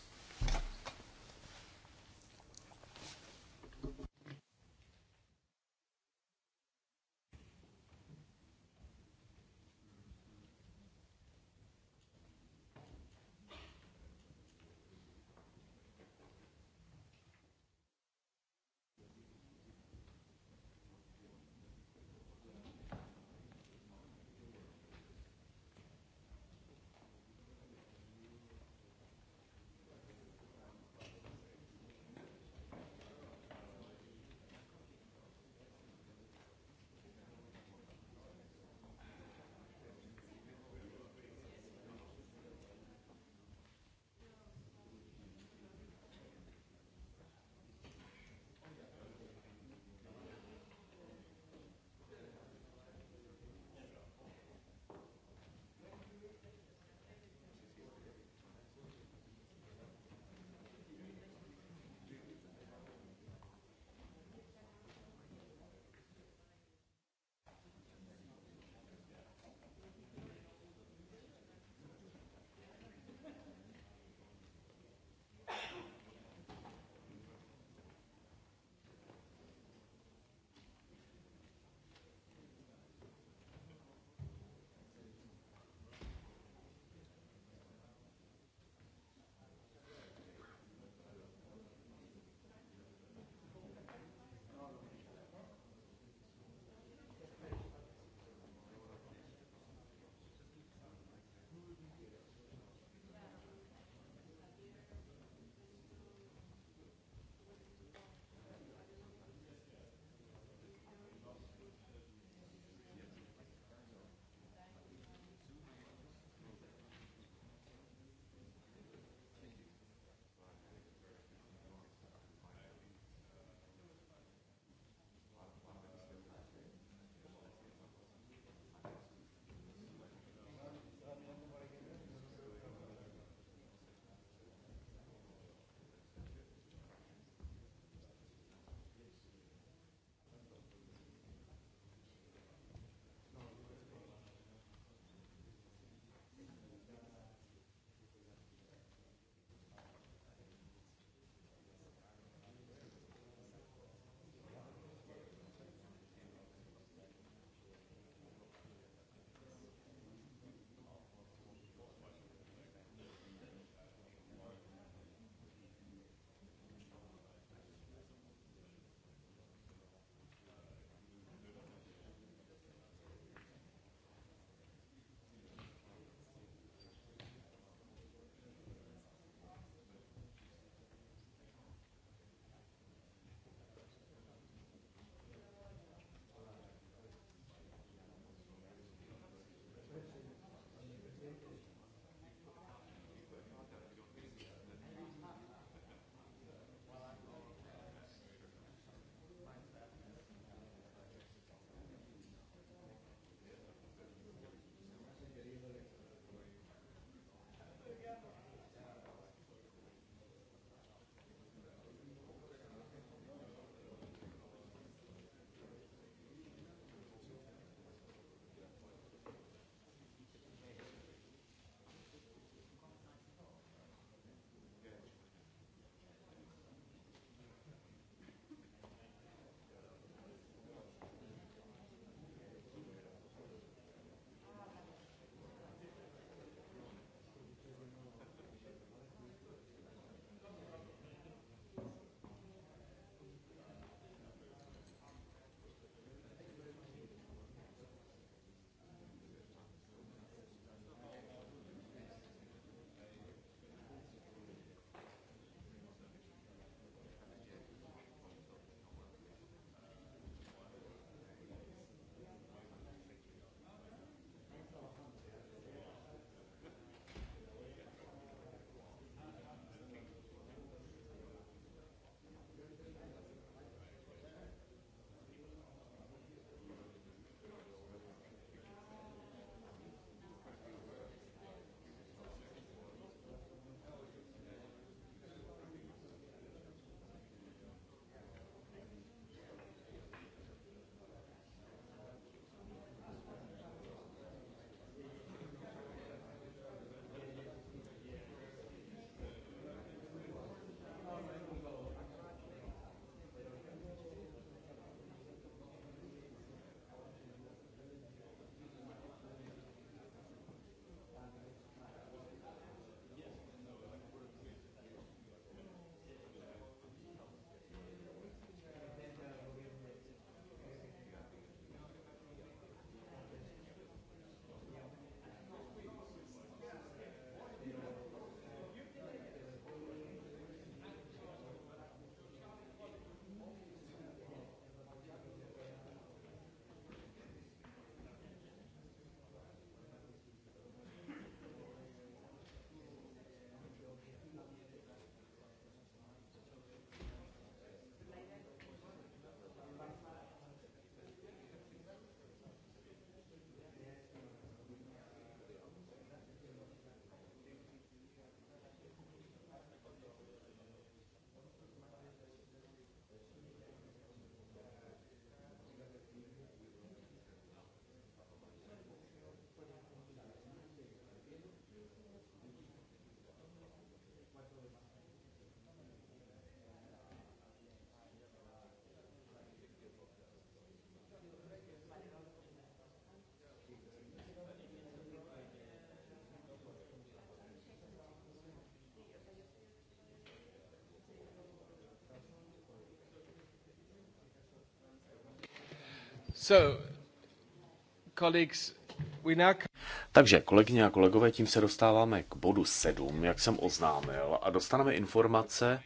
Takže, kolegyně a kolegové, tím se dostáváme k bodu 7, jak jsem oznámil, a dostaneme informace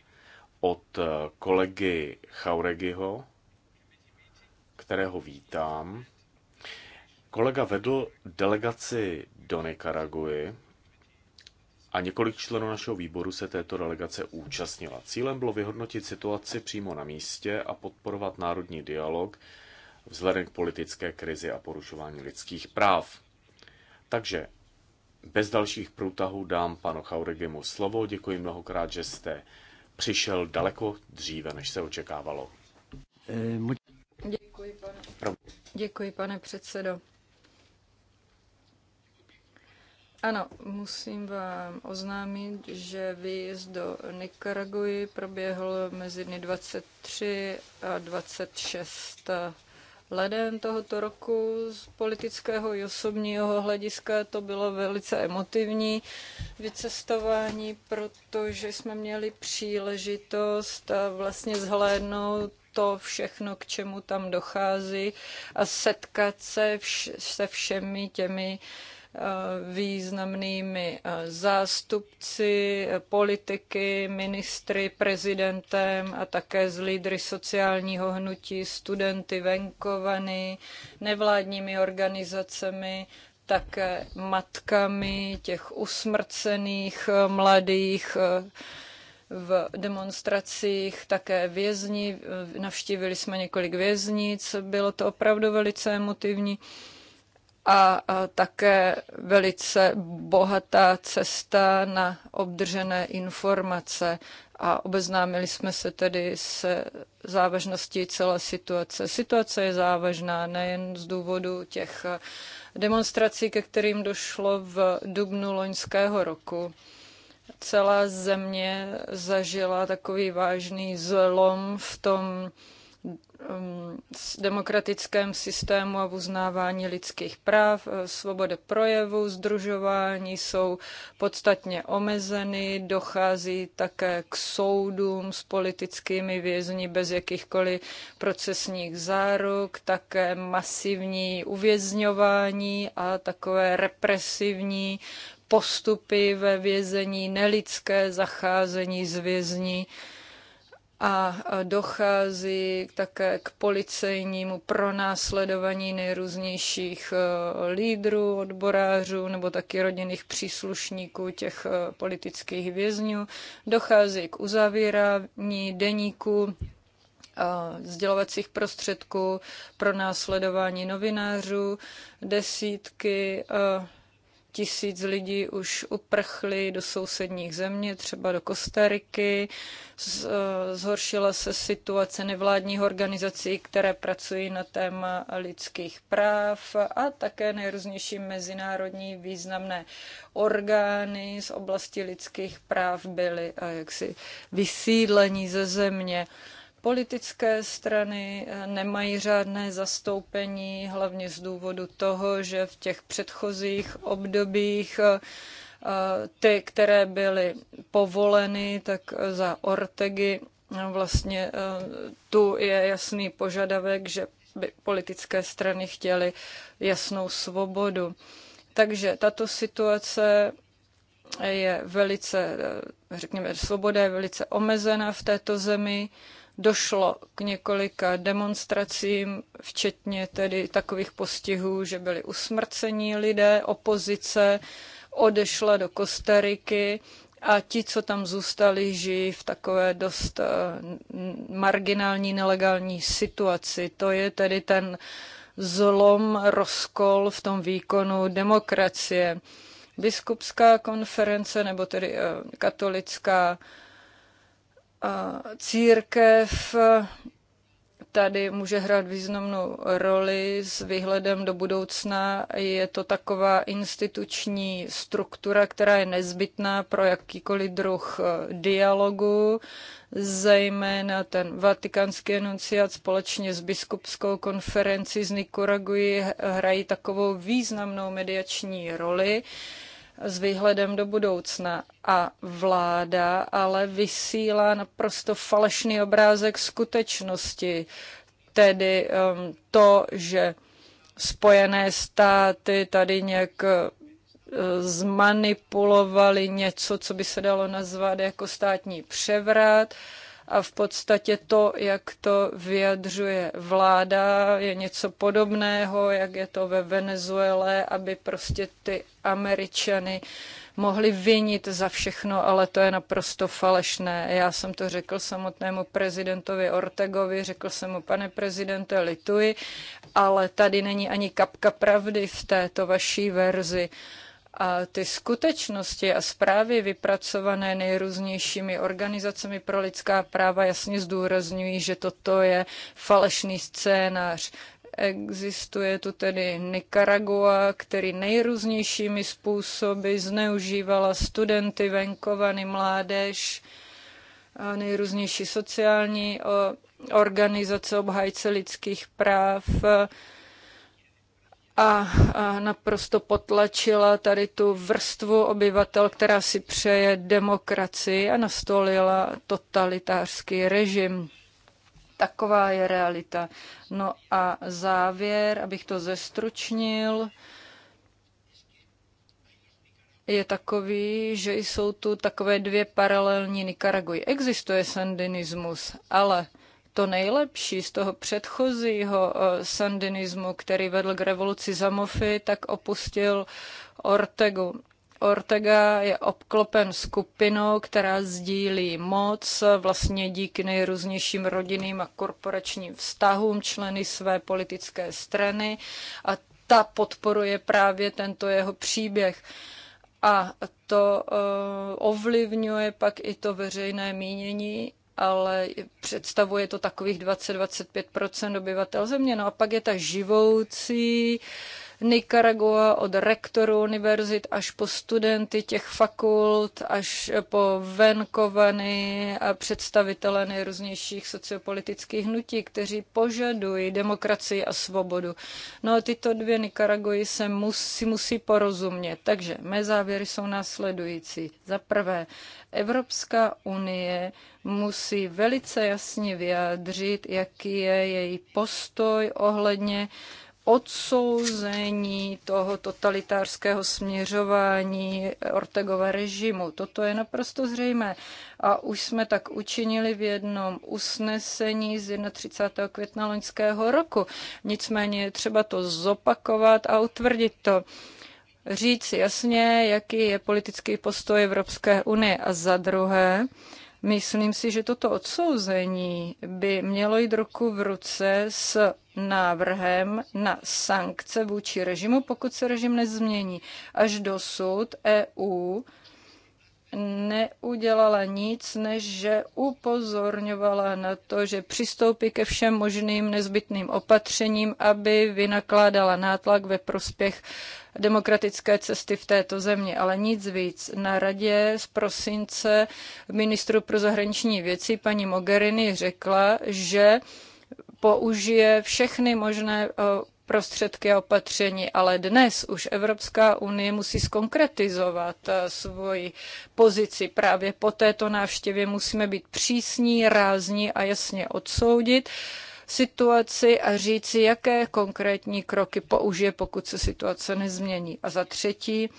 od eh, kolegy Chauregiho, kterého vítám. Kolega vedl delegaci do Nicaraguji a několik členů našeho výboru se této delegace účastnila. Cílem bylo vyhodnotit situaci přímo na místě a podporovat národní dialog vzhledem k politické krizi a porušování lidských práv. Takže bez dalších průtahů dám panu Chauregimu slovo. Děkuji mnohokrát, že jste přišel daleko dříve, než se očekávalo. Děkuji, pane, Děkuji, pane předsedo. Ano, musím vám oznámit, že výjezd do Nikaraguji proběhl mezi dny 23 a 26 leden tohoto roku. Z politického i osobního hlediska to bylo velice emotivní vycestování, protože jsme měli příležitost eh, vlastně zhlédnout to všechno, k čemu tam dochází a setkat se vš- se všemi těmi Eh, významnými eh, zástupci, eh, politiky, ministry, prezidentem a také s lídry sociálního hnutí, studenty, venkovany, nevládními organizacemi, také matkami těch usmrcených mladých v demonstracích, také vězni. Navštívili jsme několik věznic, bylo to opravdu velice emotivní a také velice bohatá cesta na obdržené informace a obeznámili jsme se tedy s závažností celé situace. Situace je závažná nejen z důvodu těch demonstrací, ke kterým došlo v dubnu loňského roku. Celá země zažila takový vážný zlom v tom, demokratickém systému a v uznávání lidských práv, eh, svobody projevu, združování jsou podstatně omezeny, dochází také k soudům s politickými vězni bez jakýchkoliv procesních záruk, také masivní uvězňování a takové represivní postupy ve vězení, nelidské zacházení z vězní a dochází také k policejnímu pronásledování nejrůznějších e, lídrů, odborářů nebo taky rodinných příslušníků těch e, politických vězňů. Dochází k uzavírání deníků e, sdělovacích prostředků pro následování novinářů, desítky tisíc lidí už uprchli do sousedních zemí, třeba do Kostariky. Eh, zhoršila se situace nevládních organizací, které pracují na téma lidských práv a také nejrůznější mezinárodní významné orgány z oblasti lidských práv byly jaksi vysídlení ze země. Politické strany eh, nemají žádné zastoupení, hlavně z důvodu toho, že v těch předchozích obdobích eh, eh, ty, které byly povoleny, tak za Ortegy vlastně tu je jasný požadavek, že by politické strany chtěly jasnou svobodu. Takže tato situace je velice, řekněme, svoboda je velice omezená v této zemi Došlo k několika demonstracím, včetně tedy takových postihů, že byli usmrcení lidé, opozice odešla do Kostariky a ti, co tam zůstali, žijí v takové dost eh, marginální nelegální situaci. To je tedy ten zlom, rozkol v tom výkonu demokracie. Biskupská konference, nebo tedy eh, katolická církev tady může hrát významnou roli s výhledem do budoucna. Je to taková instituční struktura, která je nezbytná pro jakýkoliv druh eh, dialogu, zejména ten vatikánský enunciát společně s biskupskou konferenci z Nikuragui hrají takovou významnou mediační roli s výhledem do budoucna. A vláda ale vysílá naprosto falešný obrázek skutečnosti, tedy um, to, že Spojené státy tady nějak uh, zmanipulovali něco, co by se dalo nazvat jako státní převrat, a v podstatě to, jak to vyjadřuje vláda, je něco podobného, jak je to ve Venezuele, aby prostě ty Američany mohli vinit za všechno, ale to je naprosto falešné. Já jsem to řekl samotnému prezidentovi Ortegovi, řekl jsem mu, pane prezidente, lituji, ale tady není ani kapka pravdy v této vaší verzi. Uh, a ty skutečnosti a zprávy vypracované nejrůznějšími organizacemi pro lidská práva jasně zdůrazňují, že toto je falešný scénář. Existuje tu tedy Nicaragua, který nejrůznějšími způsoby zneužívala studenty, venkovany, mládež, nejrůznější sociální organizace obhájce lidských práv, a, naprosto potlačila tady tu vrstvu obyvatel, která si přeje demokracii a nastolila totalitářský režim. Taková je realita. No a závěr, abych to zestručnil, je takový, že jsou tu takové dvě paralelní Nikaraguji. Existuje sandinismus, ale to nejlepší z toho předchozího eh, sandinismu, který vedl k revoluci Zamofy, tak opustil Ortegu. Ortega je obklopen skupinou, která sdílí moc vlastně díky nejrůznějším rodinným a korporačním vztahům členy své politické strany a ta podporuje právě tento jeho příběh. A to eh, ovlivňuje pak i to veřejné mínění ale představuje to takových 20-25 obyvatel země. No a pak je ta živoucí Nicaragua od rektorů univerzit až po studenty těch fakult, až po venkovany a představitele nejrůznějších sociopolitických hnutí, kteří požadují demokracii a svobodu. No a tyto dvě Nikaraguji se musí, musí porozumět. Takže mé závěry jsou následující. Za prvé, Evropská unie musí velice jasně vyjádřit, jaký je její postoj ohledně odsouzení toho totalitářského směřování Ortegova režimu. Toto je naprosto zřejmé. A už jsme tak učinili v jednom usnesení z 31. května loňského roku. Nicméně je třeba to zopakovat a utvrdit to říct jasně, jaký je politický postoj Evropské unie. A za druhé, Myslím si, že toto odsouzení by mělo jít ruku v ruce s návrhem na sankce vůči režimu, pokud se režim nezmění. Až dosud EU neudělala nic, než že upozorňovala na to, že přistoupí ke všem možným nezbytným opatřením, aby vynakládala nátlak ve prospěch demokratické cesty v této zemi, ale nic víc. Na radě z prosince ministru pro zahraniční věci paní Mogherini řekla, že použije všechny možné eh, prostředky a opatření, ale dnes už Evropská unie musí skonkretizovat eh, svoji pozici. Právě po této návštěvě musíme být přísní, rázní a jasně odsoudit situaci a říci, jaké konkrétní kroky použije, pokud se situace nezmění. A za třetí,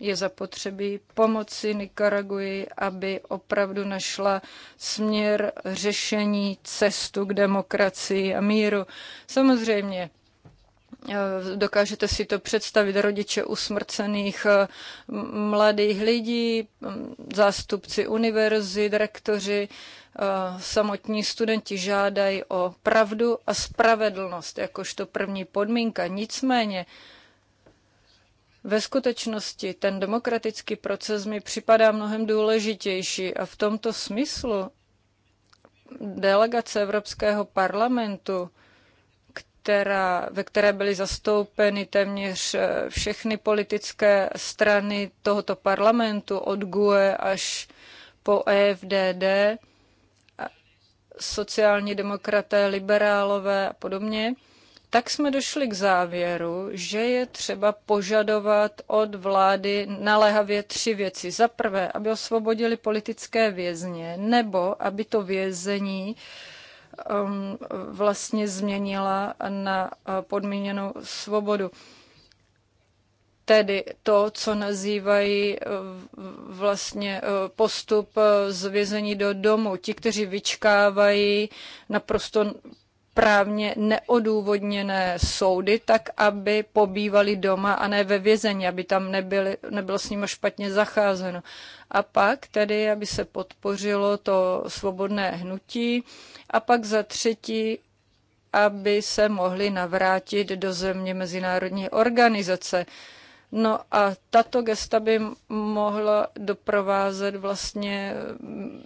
je zapotřebí pomoci Nikaraguji, aby opravdu našla směr řešení, cestu k demokracii a míru. Samozřejmě Eh, dokážete si to představit rodiče usmrcených eh, mladých lidí, mm, zástupci univerzit, rektoři, eh, samotní studenti žádají o pravdu a spravedlnost jakožto první podmínka. Nicméně ve skutečnosti ten demokratický proces mi připadá mnohem důležitější a v tomto smyslu delegace Evropského parlamentu která, ve které byly zastoupeny téměř eh, všechny politické strany tohoto parlamentu, od GUE až po EFDD, sociální demokraté, liberálové a podobně, tak jsme došli k závěru, že je třeba požadovat od vlády naléhavě tři věci. Za prvé, aby osvobodili politické vězně, nebo aby to vězení uh, Um, vlastně změnila na uh, podmíněnou svobodu. Tedy to, co nazývají uh, vlastně uh, postup z vězení do domu. Ti, kteří vyčkávají naprosto právně neodůvodněné soudy, tak aby pobývali doma a ne ve vězení, aby tam nebyli, nebylo s nimi špatně zacházeno. A pak tedy, aby se podpořilo to svobodné hnutí. A pak za třetí, aby se mohli navrátit do země mezinárodní organizace. No a tato gesta by mohla doprovázet vlastně mm,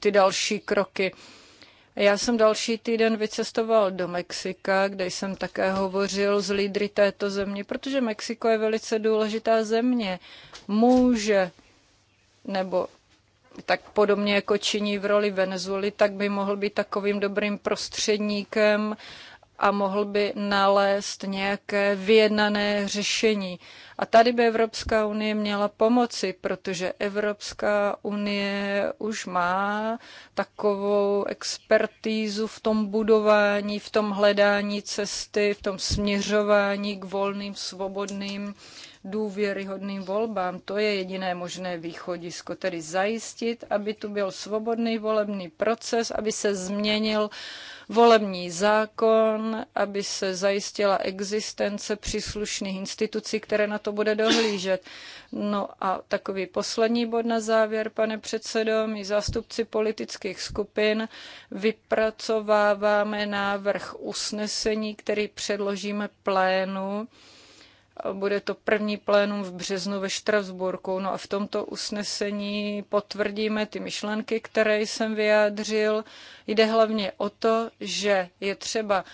ty další kroky. Já jsem další týden vycestoval do Mexika, kde jsem také hovořil s lídry této země, protože Mexiko je velice důležitá země. Může nebo tak podobně jako činí v roli Venezuely, tak by mohl být takovým dobrým prostředníkem a mohl by nalézt nějaké vyjednané řešení. A tady by Evropská unie měla pomoci, protože Evropská unie už má takovou expertízu v tom budování, v tom hledání cesty, v tom směřování k volným, svobodným, důvěryhodným volbám. To je jediné možné východisko, tedy zajistit, aby tu byl svobodný volební proces, aby se změnil uh, volební zákon, aby se zajistila existence příslušných institucí, které na to bude dohlížet. No a takový poslední bod na závěr, pane předsedo, my zástupci politických skupin vypracováváme návrh usnesení, který předložíme plénu bude to první plénum v březnu ve Štrasburku. No a v tomto usnesení potvrdíme ty myšlenky, které jsem vyjádřil. Jde hlavně o to, že je třeba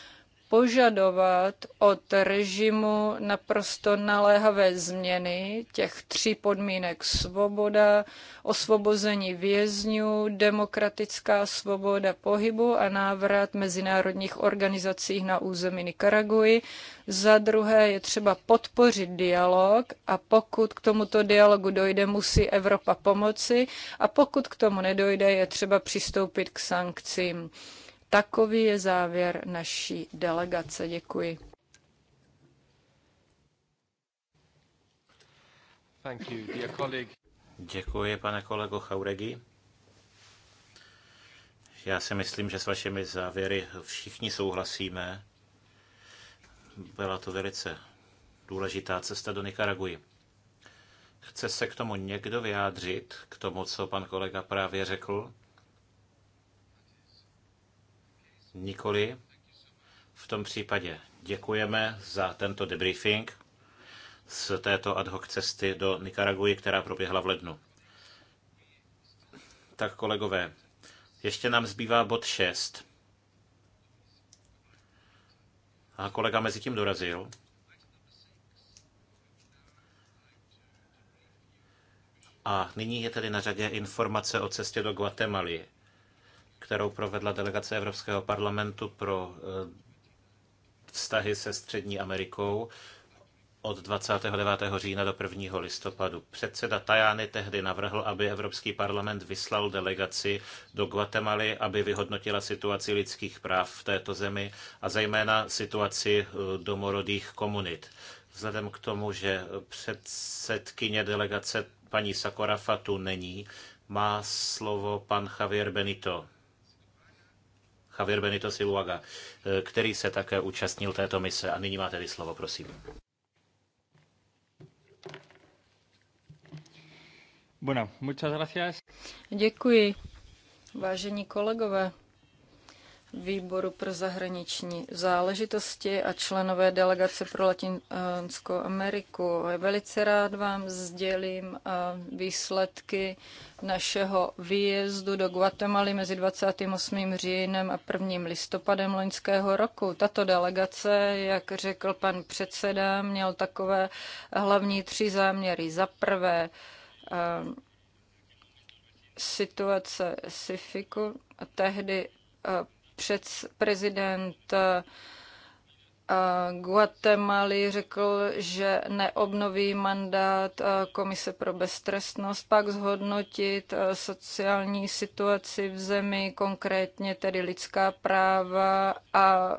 požadovat od režimu naprosto naléhavé změny těch tří podmínek svoboda, osvobození vězňů, demokratická svoboda pohybu a návrat mezinárodních organizací na území Nikaraguji. Za druhé je třeba podpořit dialog a pokud k tomuto dialogu dojde, musí Evropa pomoci a pokud k tomu nedojde, je třeba přistoupit k sankcím. Takový je závěr naší delegace. Děkuji. Thank you, dear colleague. Děkuji, pane kolego Chauregi. Já si myslím, že s vašimi závěry všichni souhlasíme. Byla to velice důležitá cesta do Nikaraguji. Chce se k tomu někdo vyjádřit, k tomu, co pan kolega právě řekl? Nikoli. V tom případě děkujeme za tento debriefing z této ad hoc cesty do Nikaraguji, která proběhla v lednu. Tak kolegové, ještě nám zbývá bod 6. A kolega mezi tím dorazil. A nyní je tedy na řadě informace o cestě do Guatemaly kterou provedla delegace Evropského parlamentu pro eh, vztahy se Střední Amerikou od 29. října do 1. listopadu. Předseda Tajány tehdy navrhl, aby Evropský parlament vyslal delegaci do Guatemaly, aby vyhodnotila situaci lidských práv v této zemi a zejména situaci eh, domorodých komunit. Vzhledem k tomu, že předsedkyně delegace paní Sakorafa tu není, má slovo pan Javier Benito. Javier Benito Siluaga, eh, který se také účastnil této mise. A nyní máte tedy slovo, prosím. Bueno, muchas gracias. Děkuji, vážení kolegové výboru pro zahraniční záležitosti a členové delegace pro Latinskou Ameriku. Velice rád vám sdělím eh, výsledky našeho výjezdu do Guatemaly mezi 28. říjnem a 1. listopadem loňského roku. Tato delegace, jak řekl pan předseda, měl takové hlavní tři záměry. Za prvé, eh, situace Sifiku, tehdy eh, před prezident eh, Guatemaly řekl, že neobnoví mandát eh, Komise pro beztrestnost, pak zhodnotit eh, sociální situaci v zemi, konkrétně tedy lidská práva a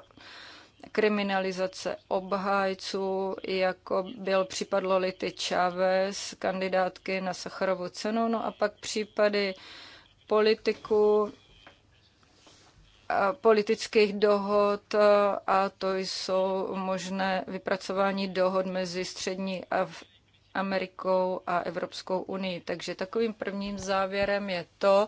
kriminalizace obhájců, jako byl případ Lolity Chávez, kandidátky na Sacharovu cenu, no a pak případy politiků politických dohod a to jsou možné vypracování dohod mezi střední a Amerikou a Evropskou unii. Takže takovým prvním závěrem je to,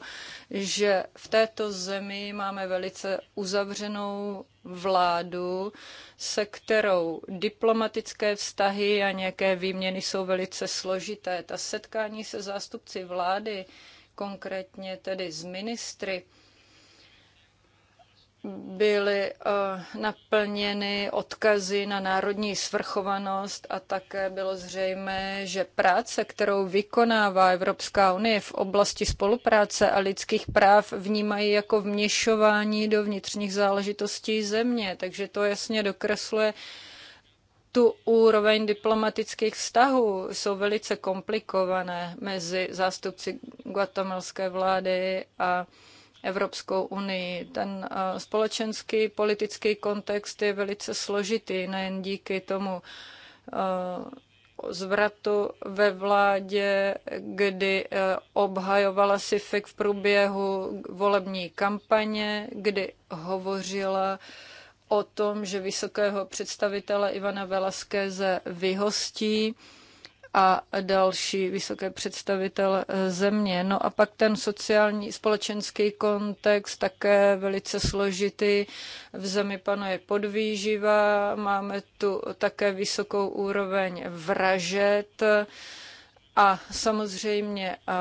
že v této zemi máme velice uzavřenou vládu, se kterou diplomatické vztahy a nějaké výměny jsou velice složité. Ta setkání se zástupci vlády, konkrétně tedy z ministry, byly eh, naplněny odkazy na národní svrchovanost a také bylo zřejmé, že práce, kterou vykonává Evropská unie v oblasti spolupráce a lidských práv, vnímají jako vměšování do vnitřních záležitostí země. Takže to jasně dokresluje tu úroveň diplomatických vztahů jsou velice komplikované mezi zástupci guatemalské vlády a Evropskou unii. Ten eh, společenský politický kontext je velice složitý, nejen díky tomu eh, zvratu ve vládě, kdy eh, obhajovala Sifik v průběhu volební kampaně, kdy hovořila o tom, že vysokého představitele Ivana Velaskéze vyhostí a další vysoké představitel eh, země. No a pak ten sociální společenský kontext také velice složitý. V zemi panuje podvýživa, máme tu také vysokou úroveň vražet a samozřejmě eh,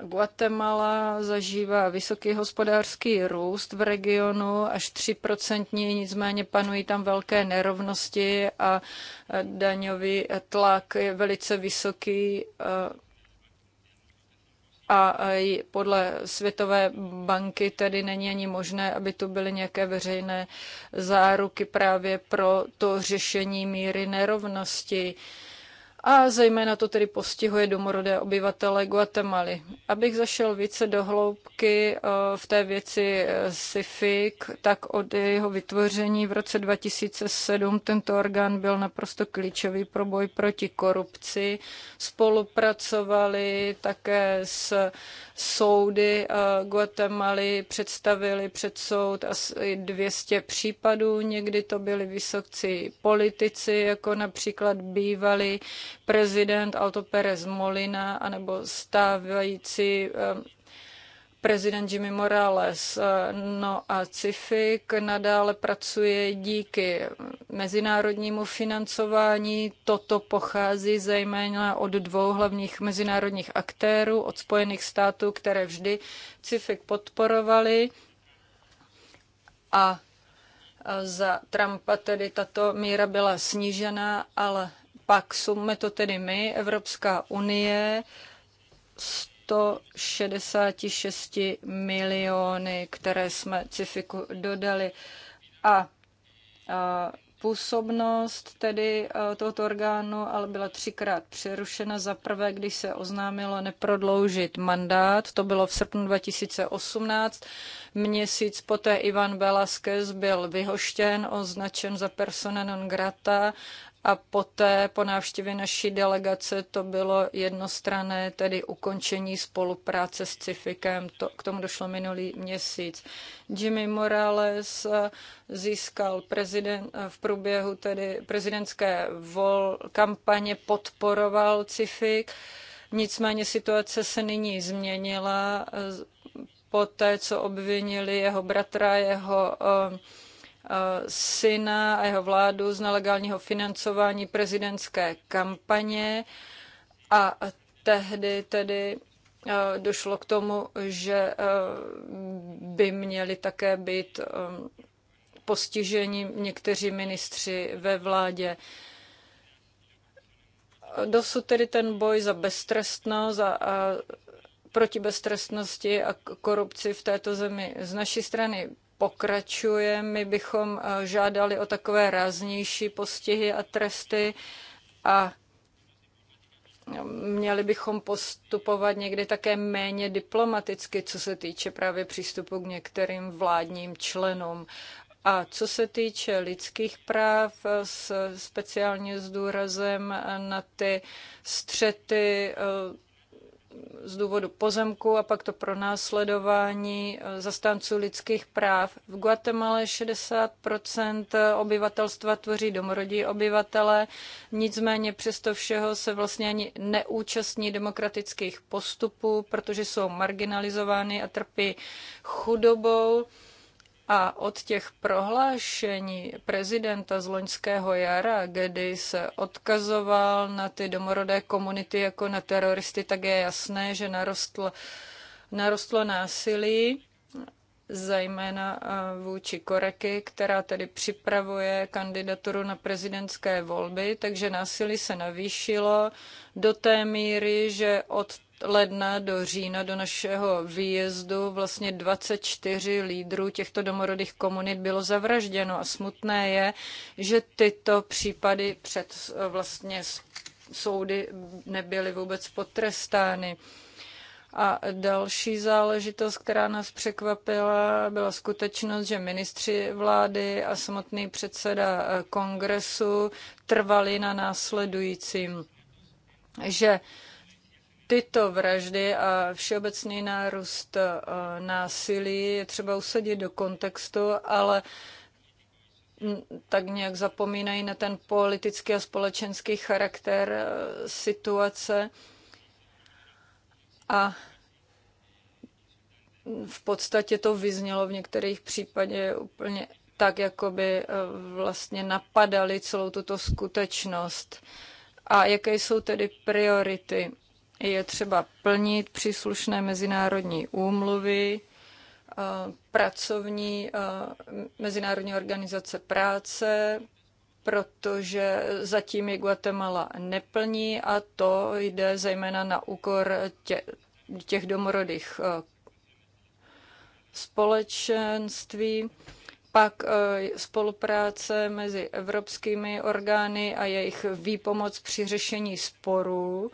Guatemala zažívá vysoký hospodářský růst v regionu, až 3%, nicméně panují tam velké nerovnosti a daňový tlak je velice vysoký a podle Světové banky tedy není ani možné, aby tu byly nějaké veřejné záruky právě pro to řešení míry nerovnosti. Uh, a zejména to tedy postihuje domorodé obyvatele Guatemaly. Abych zašel více do hloubky eh, v té věci eh, SIFIC, tak od jeho vytvoření v roce 2007 tento orgán byl naprosto klíčový pro boj proti korupci. Spolupracovali také s soudy eh, Guatemaly, představili před soud asi 200 případů, někdy to byli vysokci politici, jako například bývalí prezident Alto Pérez Molina anebo stávající eh, prezident Jimmy Morales. Eh, no a CIFIC nadále pracuje díky mezinárodnímu financování. Toto pochází zejména od dvou hlavních mezinárodních aktérů, od Spojených států, které vždy CIFIC podporovali. A za Trumpa tedy tato míra byla snížena, ale pak jsme to tedy my, Evropská unie, 166 miliony, které jsme CIFIKu dodali. A, a působnost tedy tohoto orgánu ale byla třikrát přerušena. Za prvé, když se oznámilo neprodloužit mandát, to bylo v srpnu 2018. Měsíc poté Ivan Velasquez byl vyhoštěn, označen za persona non grata a poté po návštěvě naší delegace to bylo jednostrané, tedy ukončení spolupráce s CIFIKem. To, k tomu došlo minulý měsíc. Jimmy Morales eh, získal prezident, eh, v průběhu tedy prezidentské vol, kampaně, podporoval CIFIK. Nicméně situace se nyní změnila eh, po té, co obvinili jeho bratra, jeho uh, syna a jeho vládu z nelegálního financování prezidentské kampaně a tehdy tedy eh, došlo k tomu, že eh, by měli také být eh, postiženi někteří ministři ve vládě. Dosud tedy ten boj za beztrestnost a, a proti beztrestnosti a korupci v této zemi z naší strany pokračuje. My bychom eh, žádali o takové ráznější postihy a tresty a měli bychom postupovat někdy také méně diplomaticky, co se týče právě přístupu k některým vládním členům. A co se týče lidských práv, eh, s speciálně s důrazem na ty střety eh, z důvodu pozemku a pak to pronásledování eh, zastánců lidských práv. V Guatemala 60 obyvatelstva tvoří domorodí obyvatele, nicméně přesto všeho se vlastně ani neúčastní demokratických postupů, protože jsou marginalizovány a trpí chudobou. A od těch prohlášení prezidenta z loňského jara, kdy se odkazoval na ty domorodé komunity jako na teroristy, tak je jasné, že narostl, narostlo násilí zejména eh, vůči Koreky, která tedy připravuje kandidaturu na prezidentské volby, takže násilí se navýšilo do té míry, že od ledna do října do našeho výjezdu vlastně 24 lídrů těchto domorodých komunit bylo zavražděno a smutné je, že tyto případy před vlastně soudy nebyly vůbec potrestány. A další záležitost, která nás překvapila, byla skutečnost, že ministři vlády a samotný předseda kongresu trvali na následujícím, že tyto vraždy a všeobecný nárůst eh, násilí je třeba usadit do kontextu, ale tak nějak zapomínají na ten politický a společenský charakter eh, situace. A v podstatě to vyznělo v některých případech úplně tak, jako by eh, vlastně napadali celou tuto skutečnost. A jaké jsou tedy priority? je třeba plnit příslušné mezinárodní úmluvy, eh, pracovní eh, mezinárodní organizace práce, protože zatím je Guatemala neplní a to jde zejména na úkor tě, těch domorodých eh, společenství pak spolupráce mezi evropskými orgány a jejich výpomoc při řešení sporů.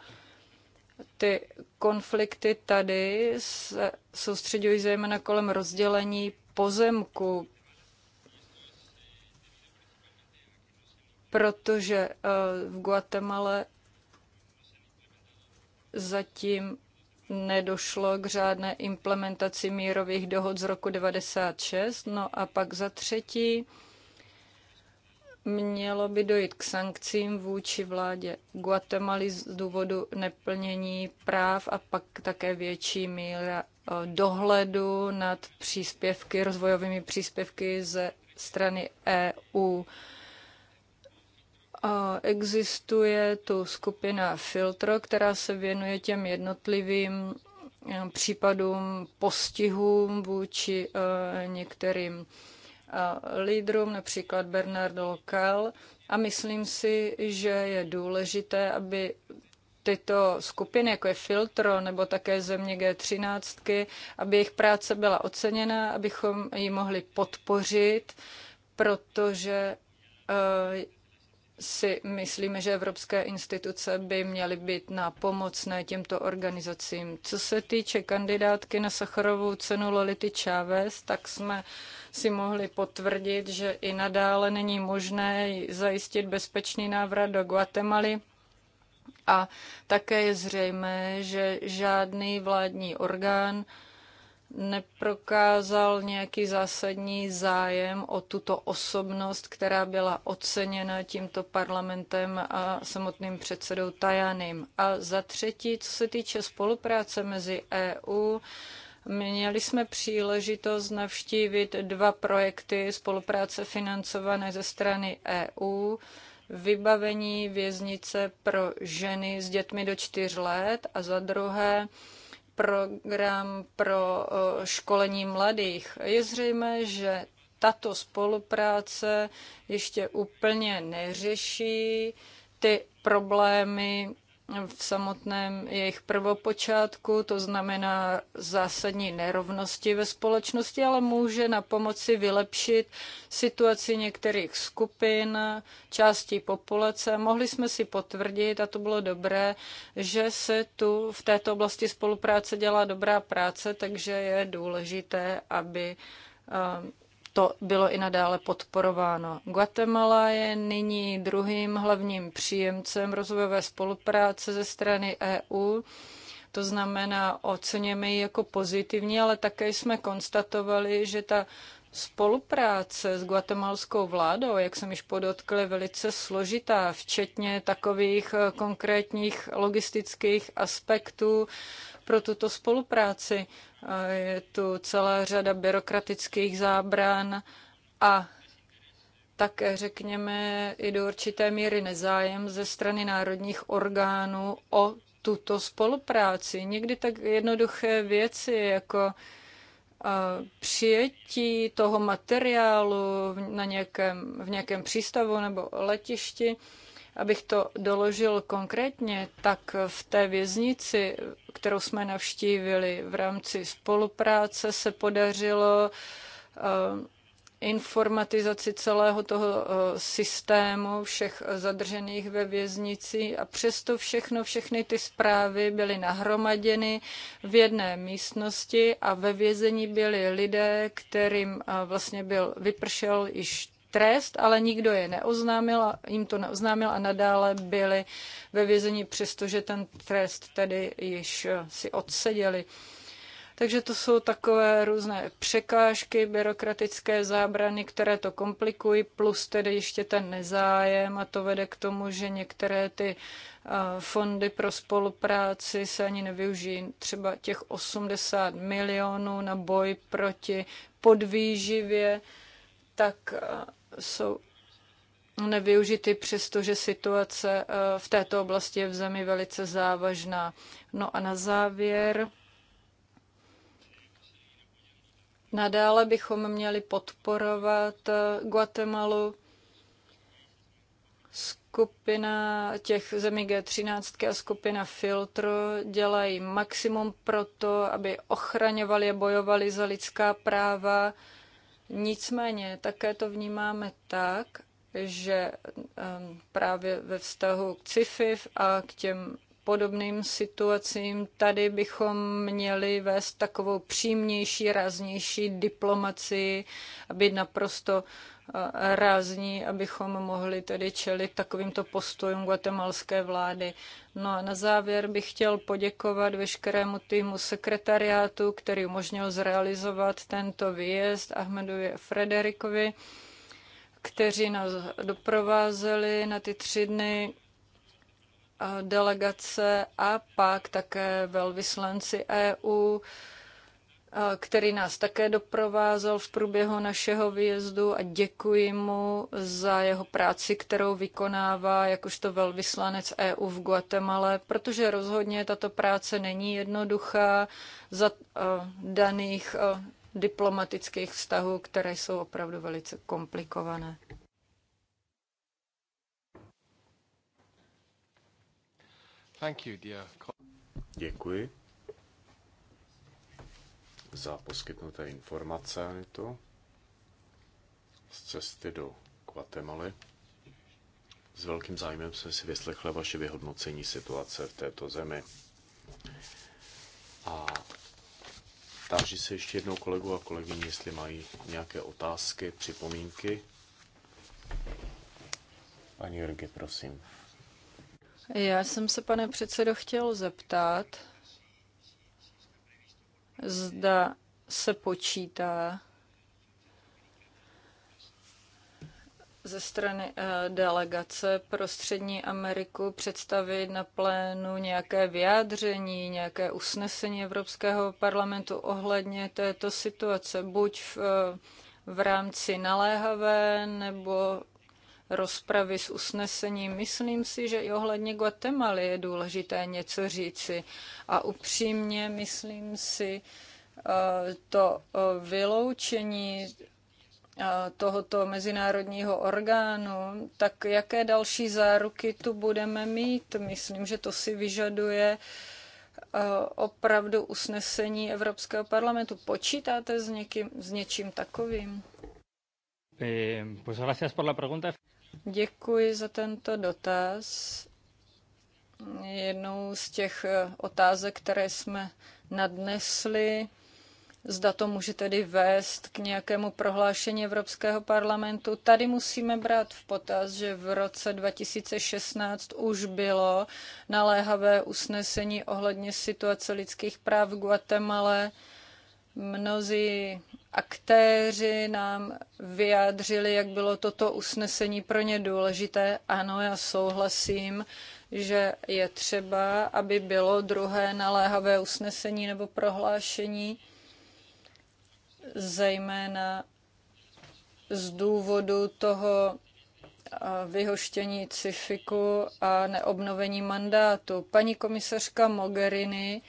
Ty konflikty tady se soustředují zejména kolem rozdělení pozemku, protože eh, v Guatemala zatím nedošlo k žádné implementaci mírových dohod z roku 96. No a pak za třetí Mělo by dojít k sankcím vůči vládě Guatemaly z důvodu neplnění práv a pak také větší míra eh, dohledu nad příspěvky, rozvojovými příspěvky ze strany EU. Existuje tu skupina Filtro, která se věnuje těm jednotlivým eh, případům postihům vůči eh, některým lídrům, například Bernardo Local. A myslím si, že je důležité, aby tyto skupiny, jako je Filtro nebo také země G13, aby jejich práce byla oceněna, abychom ji mohli podpořit, protože e, si myslíme, že evropské instituce by měly být na pomocné těmto organizacím. Co se týče kandidátky na Sacharovou cenu Lolity Chávez, tak jsme uh, si mohli potvrdit, že i nadále není možné zajistit bezpečný návrat do Guatemaly. A také je zřejmé, že žádný vládní orgán neprokázal nějaký zásadní zájem o tuto osobnost, která byla oceněna tímto parlamentem a samotným předsedou Tajanem. A za třetí, co se týče spolupráce mezi EU, Měli jsme příležitost navštívit dva projekty spolupráce financované ze strany EU, vybavení věznice pro ženy s dětmi do čtyř let a za druhé program pro školení mladých. Je zřejmé, že tato spolupráce ještě úplně neřeší ty problémy v samotném jejich prvopočátku, to znamená zásadní nerovnosti ve společnosti, ale může na pomoci vylepšit situaci některých skupin, částí populace. Mohli jsme si potvrdit, a to bylo dobré, že se tu v této oblasti spolupráce dělá dobrá práce, takže je důležité, aby to bylo i nadále podporováno. Guatemala je nyní druhým hlavním příjemcem rozvojové spolupráce ze strany EU. To znamená, oceněme ji jako pozitivní, ale také jsme konstatovali, že ta Spolupráce s guatemalskou vládou, jak jsem již podotkl, je velice složitá, včetně takových eh, konkrétních logistických aspektů pro tuto spolupráci. Eh, je tu celá řada byrokratických zábran a také, řekněme, i do určité míry nezájem ze strany národních orgánů o tuto spolupráci. Někdy tak jednoduché věci, jako přijetí toho materiálu na nějakém, v nějakém přístavu nebo letišti, abych to doložil konkrétně, tak v té věznici, kterou jsme navštívili v rámci spolupráce, se podařilo informatizaci celého toho eh, systému všech eh, zadržených ve věznici a přesto všechno, všechny ty zprávy byly nahromaděny v jedné místnosti a ve vězení byli lidé, kterým eh, vlastně byl, vypršel již trest, ale nikdo je neoznámil a jim to neoznámil a nadále byli ve vězení, přestože ten trest tedy již si odseděli. Takže to jsou takové různé překážky, byrokratické zábrany, které to komplikují, plus tedy ještě ten nezájem a to vede k tomu, že některé ty eh, fondy pro spolupráci se ani nevyužijí. Třeba těch 80 milionů na boj proti podvýživě, tak eh, jsou nevyužity, přestože situace eh, v této oblasti je v zemi velice závažná. No a na závěr Nadále bychom měli podporovat eh, Guatemalu, skupina těch zemí G13 a skupina Filtro dělají maximum pro to, aby ochraňovali a bojovali za lidská práva. Nicméně také to vnímáme tak, že ehm, právě ve vztahu k CIFIV a k těm podobným situacím. Tady bychom měli vést takovou přímější, ráznější diplomacii, aby naprosto eh, rázní, abychom mohli tedy čelit takovýmto postojům guatemalské vlády. No a na závěr bych chtěl poděkovat veškerému týmu sekretariátu, který umožnil zrealizovat tento výjezd Ahmedovi Frederikovi, kteří nás doprovázeli na ty tři dny delegace a pak také velvyslanci EU, který nás také doprovázel v průběhu našeho výjezdu a děkuji mu za jeho práci, kterou vykonává jakožto velvyslanec EU v Guatemala, protože rozhodně tato práce není jednoduchá za daných diplomatických vztahů, které jsou opravdu velice komplikované. Děkuji za poskytnuté informace, Anitu, z cesty do Guatemaly. S velkým zájmem jsem si vyslechl vaše vyhodnocení situace v této zemi. A táži se ještě jednou kolegu a kolegyni, jestli mají nějaké otázky, připomínky. Paní Jurgi, prosím. Já jsem se, pane předsedo, chtěl zeptat, zda se počítá ze strany eh, delegace pro Střední Ameriku představit na plénu nějaké vyjádření, nějaké usnesení Evropského parlamentu ohledně této situace, buď v, eh, v rámci naléhavé nebo rozpravy s usnesením. Myslím si, že i ohledně Guatemaly je důležité něco říci. A upřímně myslím si, eh, to eh, vyloučení eh, tohoto mezinárodního orgánu, tak jaké další záruky tu budeme mít? Myslím, že to si vyžaduje opravdu usnesení Evropského parlamentu. Počítáte s, někým, s něčím takovým? Eh, pues gracias por la pregunta. Děkuji za tento dotaz. Jednou z těch eh, otázek, které jsme nadnesli, zda to může tedy vést k nějakému prohlášení Evropského parlamentu. Tady musíme brát v potaz, že v roce 2016 už bylo naléhavé usnesení ohledně situace lidských práv v Guatemala Mnozí aktéři nám vyjádřili, jak bylo toto usnesení pro ně důležité. Ano, já souhlasím, že je třeba, aby bylo druhé naléhavé usnesení nebo prohlášení, zejména z důvodu toho vyhoštění Cifiku a neobnovení mandátu. Paní komisařka Mogherini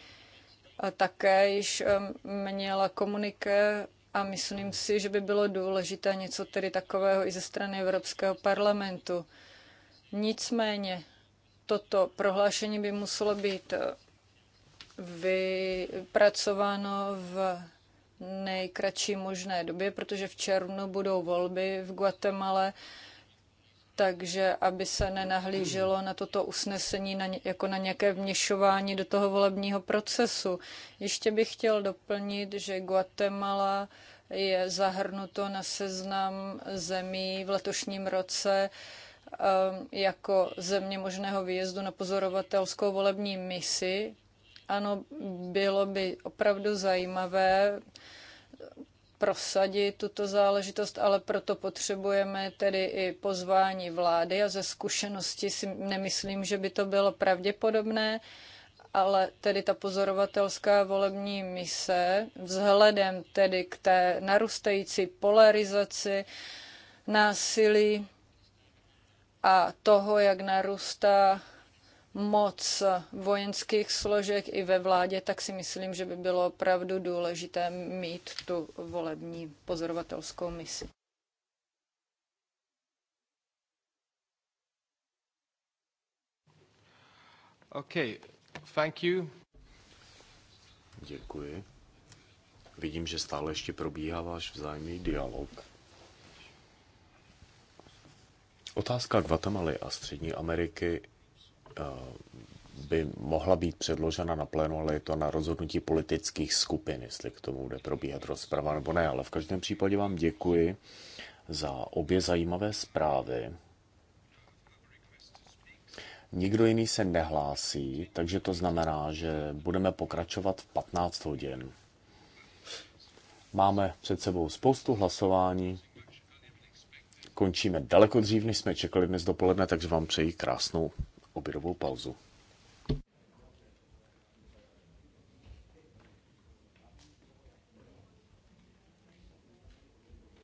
také již měla komuniké a myslím si, že by bylo důležité něco tedy takového i ze strany Evropského parlamentu. Nicméně toto prohlášení by muselo být eh, vypracováno v nejkratší možné době, protože v červnu budou volby v Guatemala takže aby se nenahlíželo na toto usnesení na, jako na nějaké vněšování do toho volebního procesu. Ještě bych chtěl doplnit, že Guatemala je zahrnuto na seznam zemí v letošním roce um, jako země možného výjezdu na pozorovatelskou volební misi. Ano, bylo by opravdu zajímavé prosadit tuto záležitost, ale proto potřebujeme tedy i pozvání vlády a ze zkušenosti si nemyslím, že by to bylo pravděpodobné, ale tedy ta pozorovatelská volební mise vzhledem tedy k té narůstající polarizaci, násilí a toho, jak narůstá moc vojenských složek i ve vládě, tak si myslím, že by bylo opravdu důležité mít tu volební pozorovatelskou misi. Okay, thank you. Děkuji. Vidím, že stále ještě probíhá váš vzájemný dialog. Otázka Guatemaly a Střední Ameriky Eh, by mohla být předložena na plénu, ale je to na rozhodnutí politických skupin, jestli k tomu bude probíhat rozprava nebo ne. Ale v každém případě vám děkuji za obě zajímavé zprávy. Nikdo jiný se nehlásí, takže to znamená, že budeme pokračovat v 15 hodin. Máme před sebou spoustu hlasování. Končíme daleko dřív, než jsme čekali dnes dopoledne, takže vám přeji krásnou obědovou pauzu.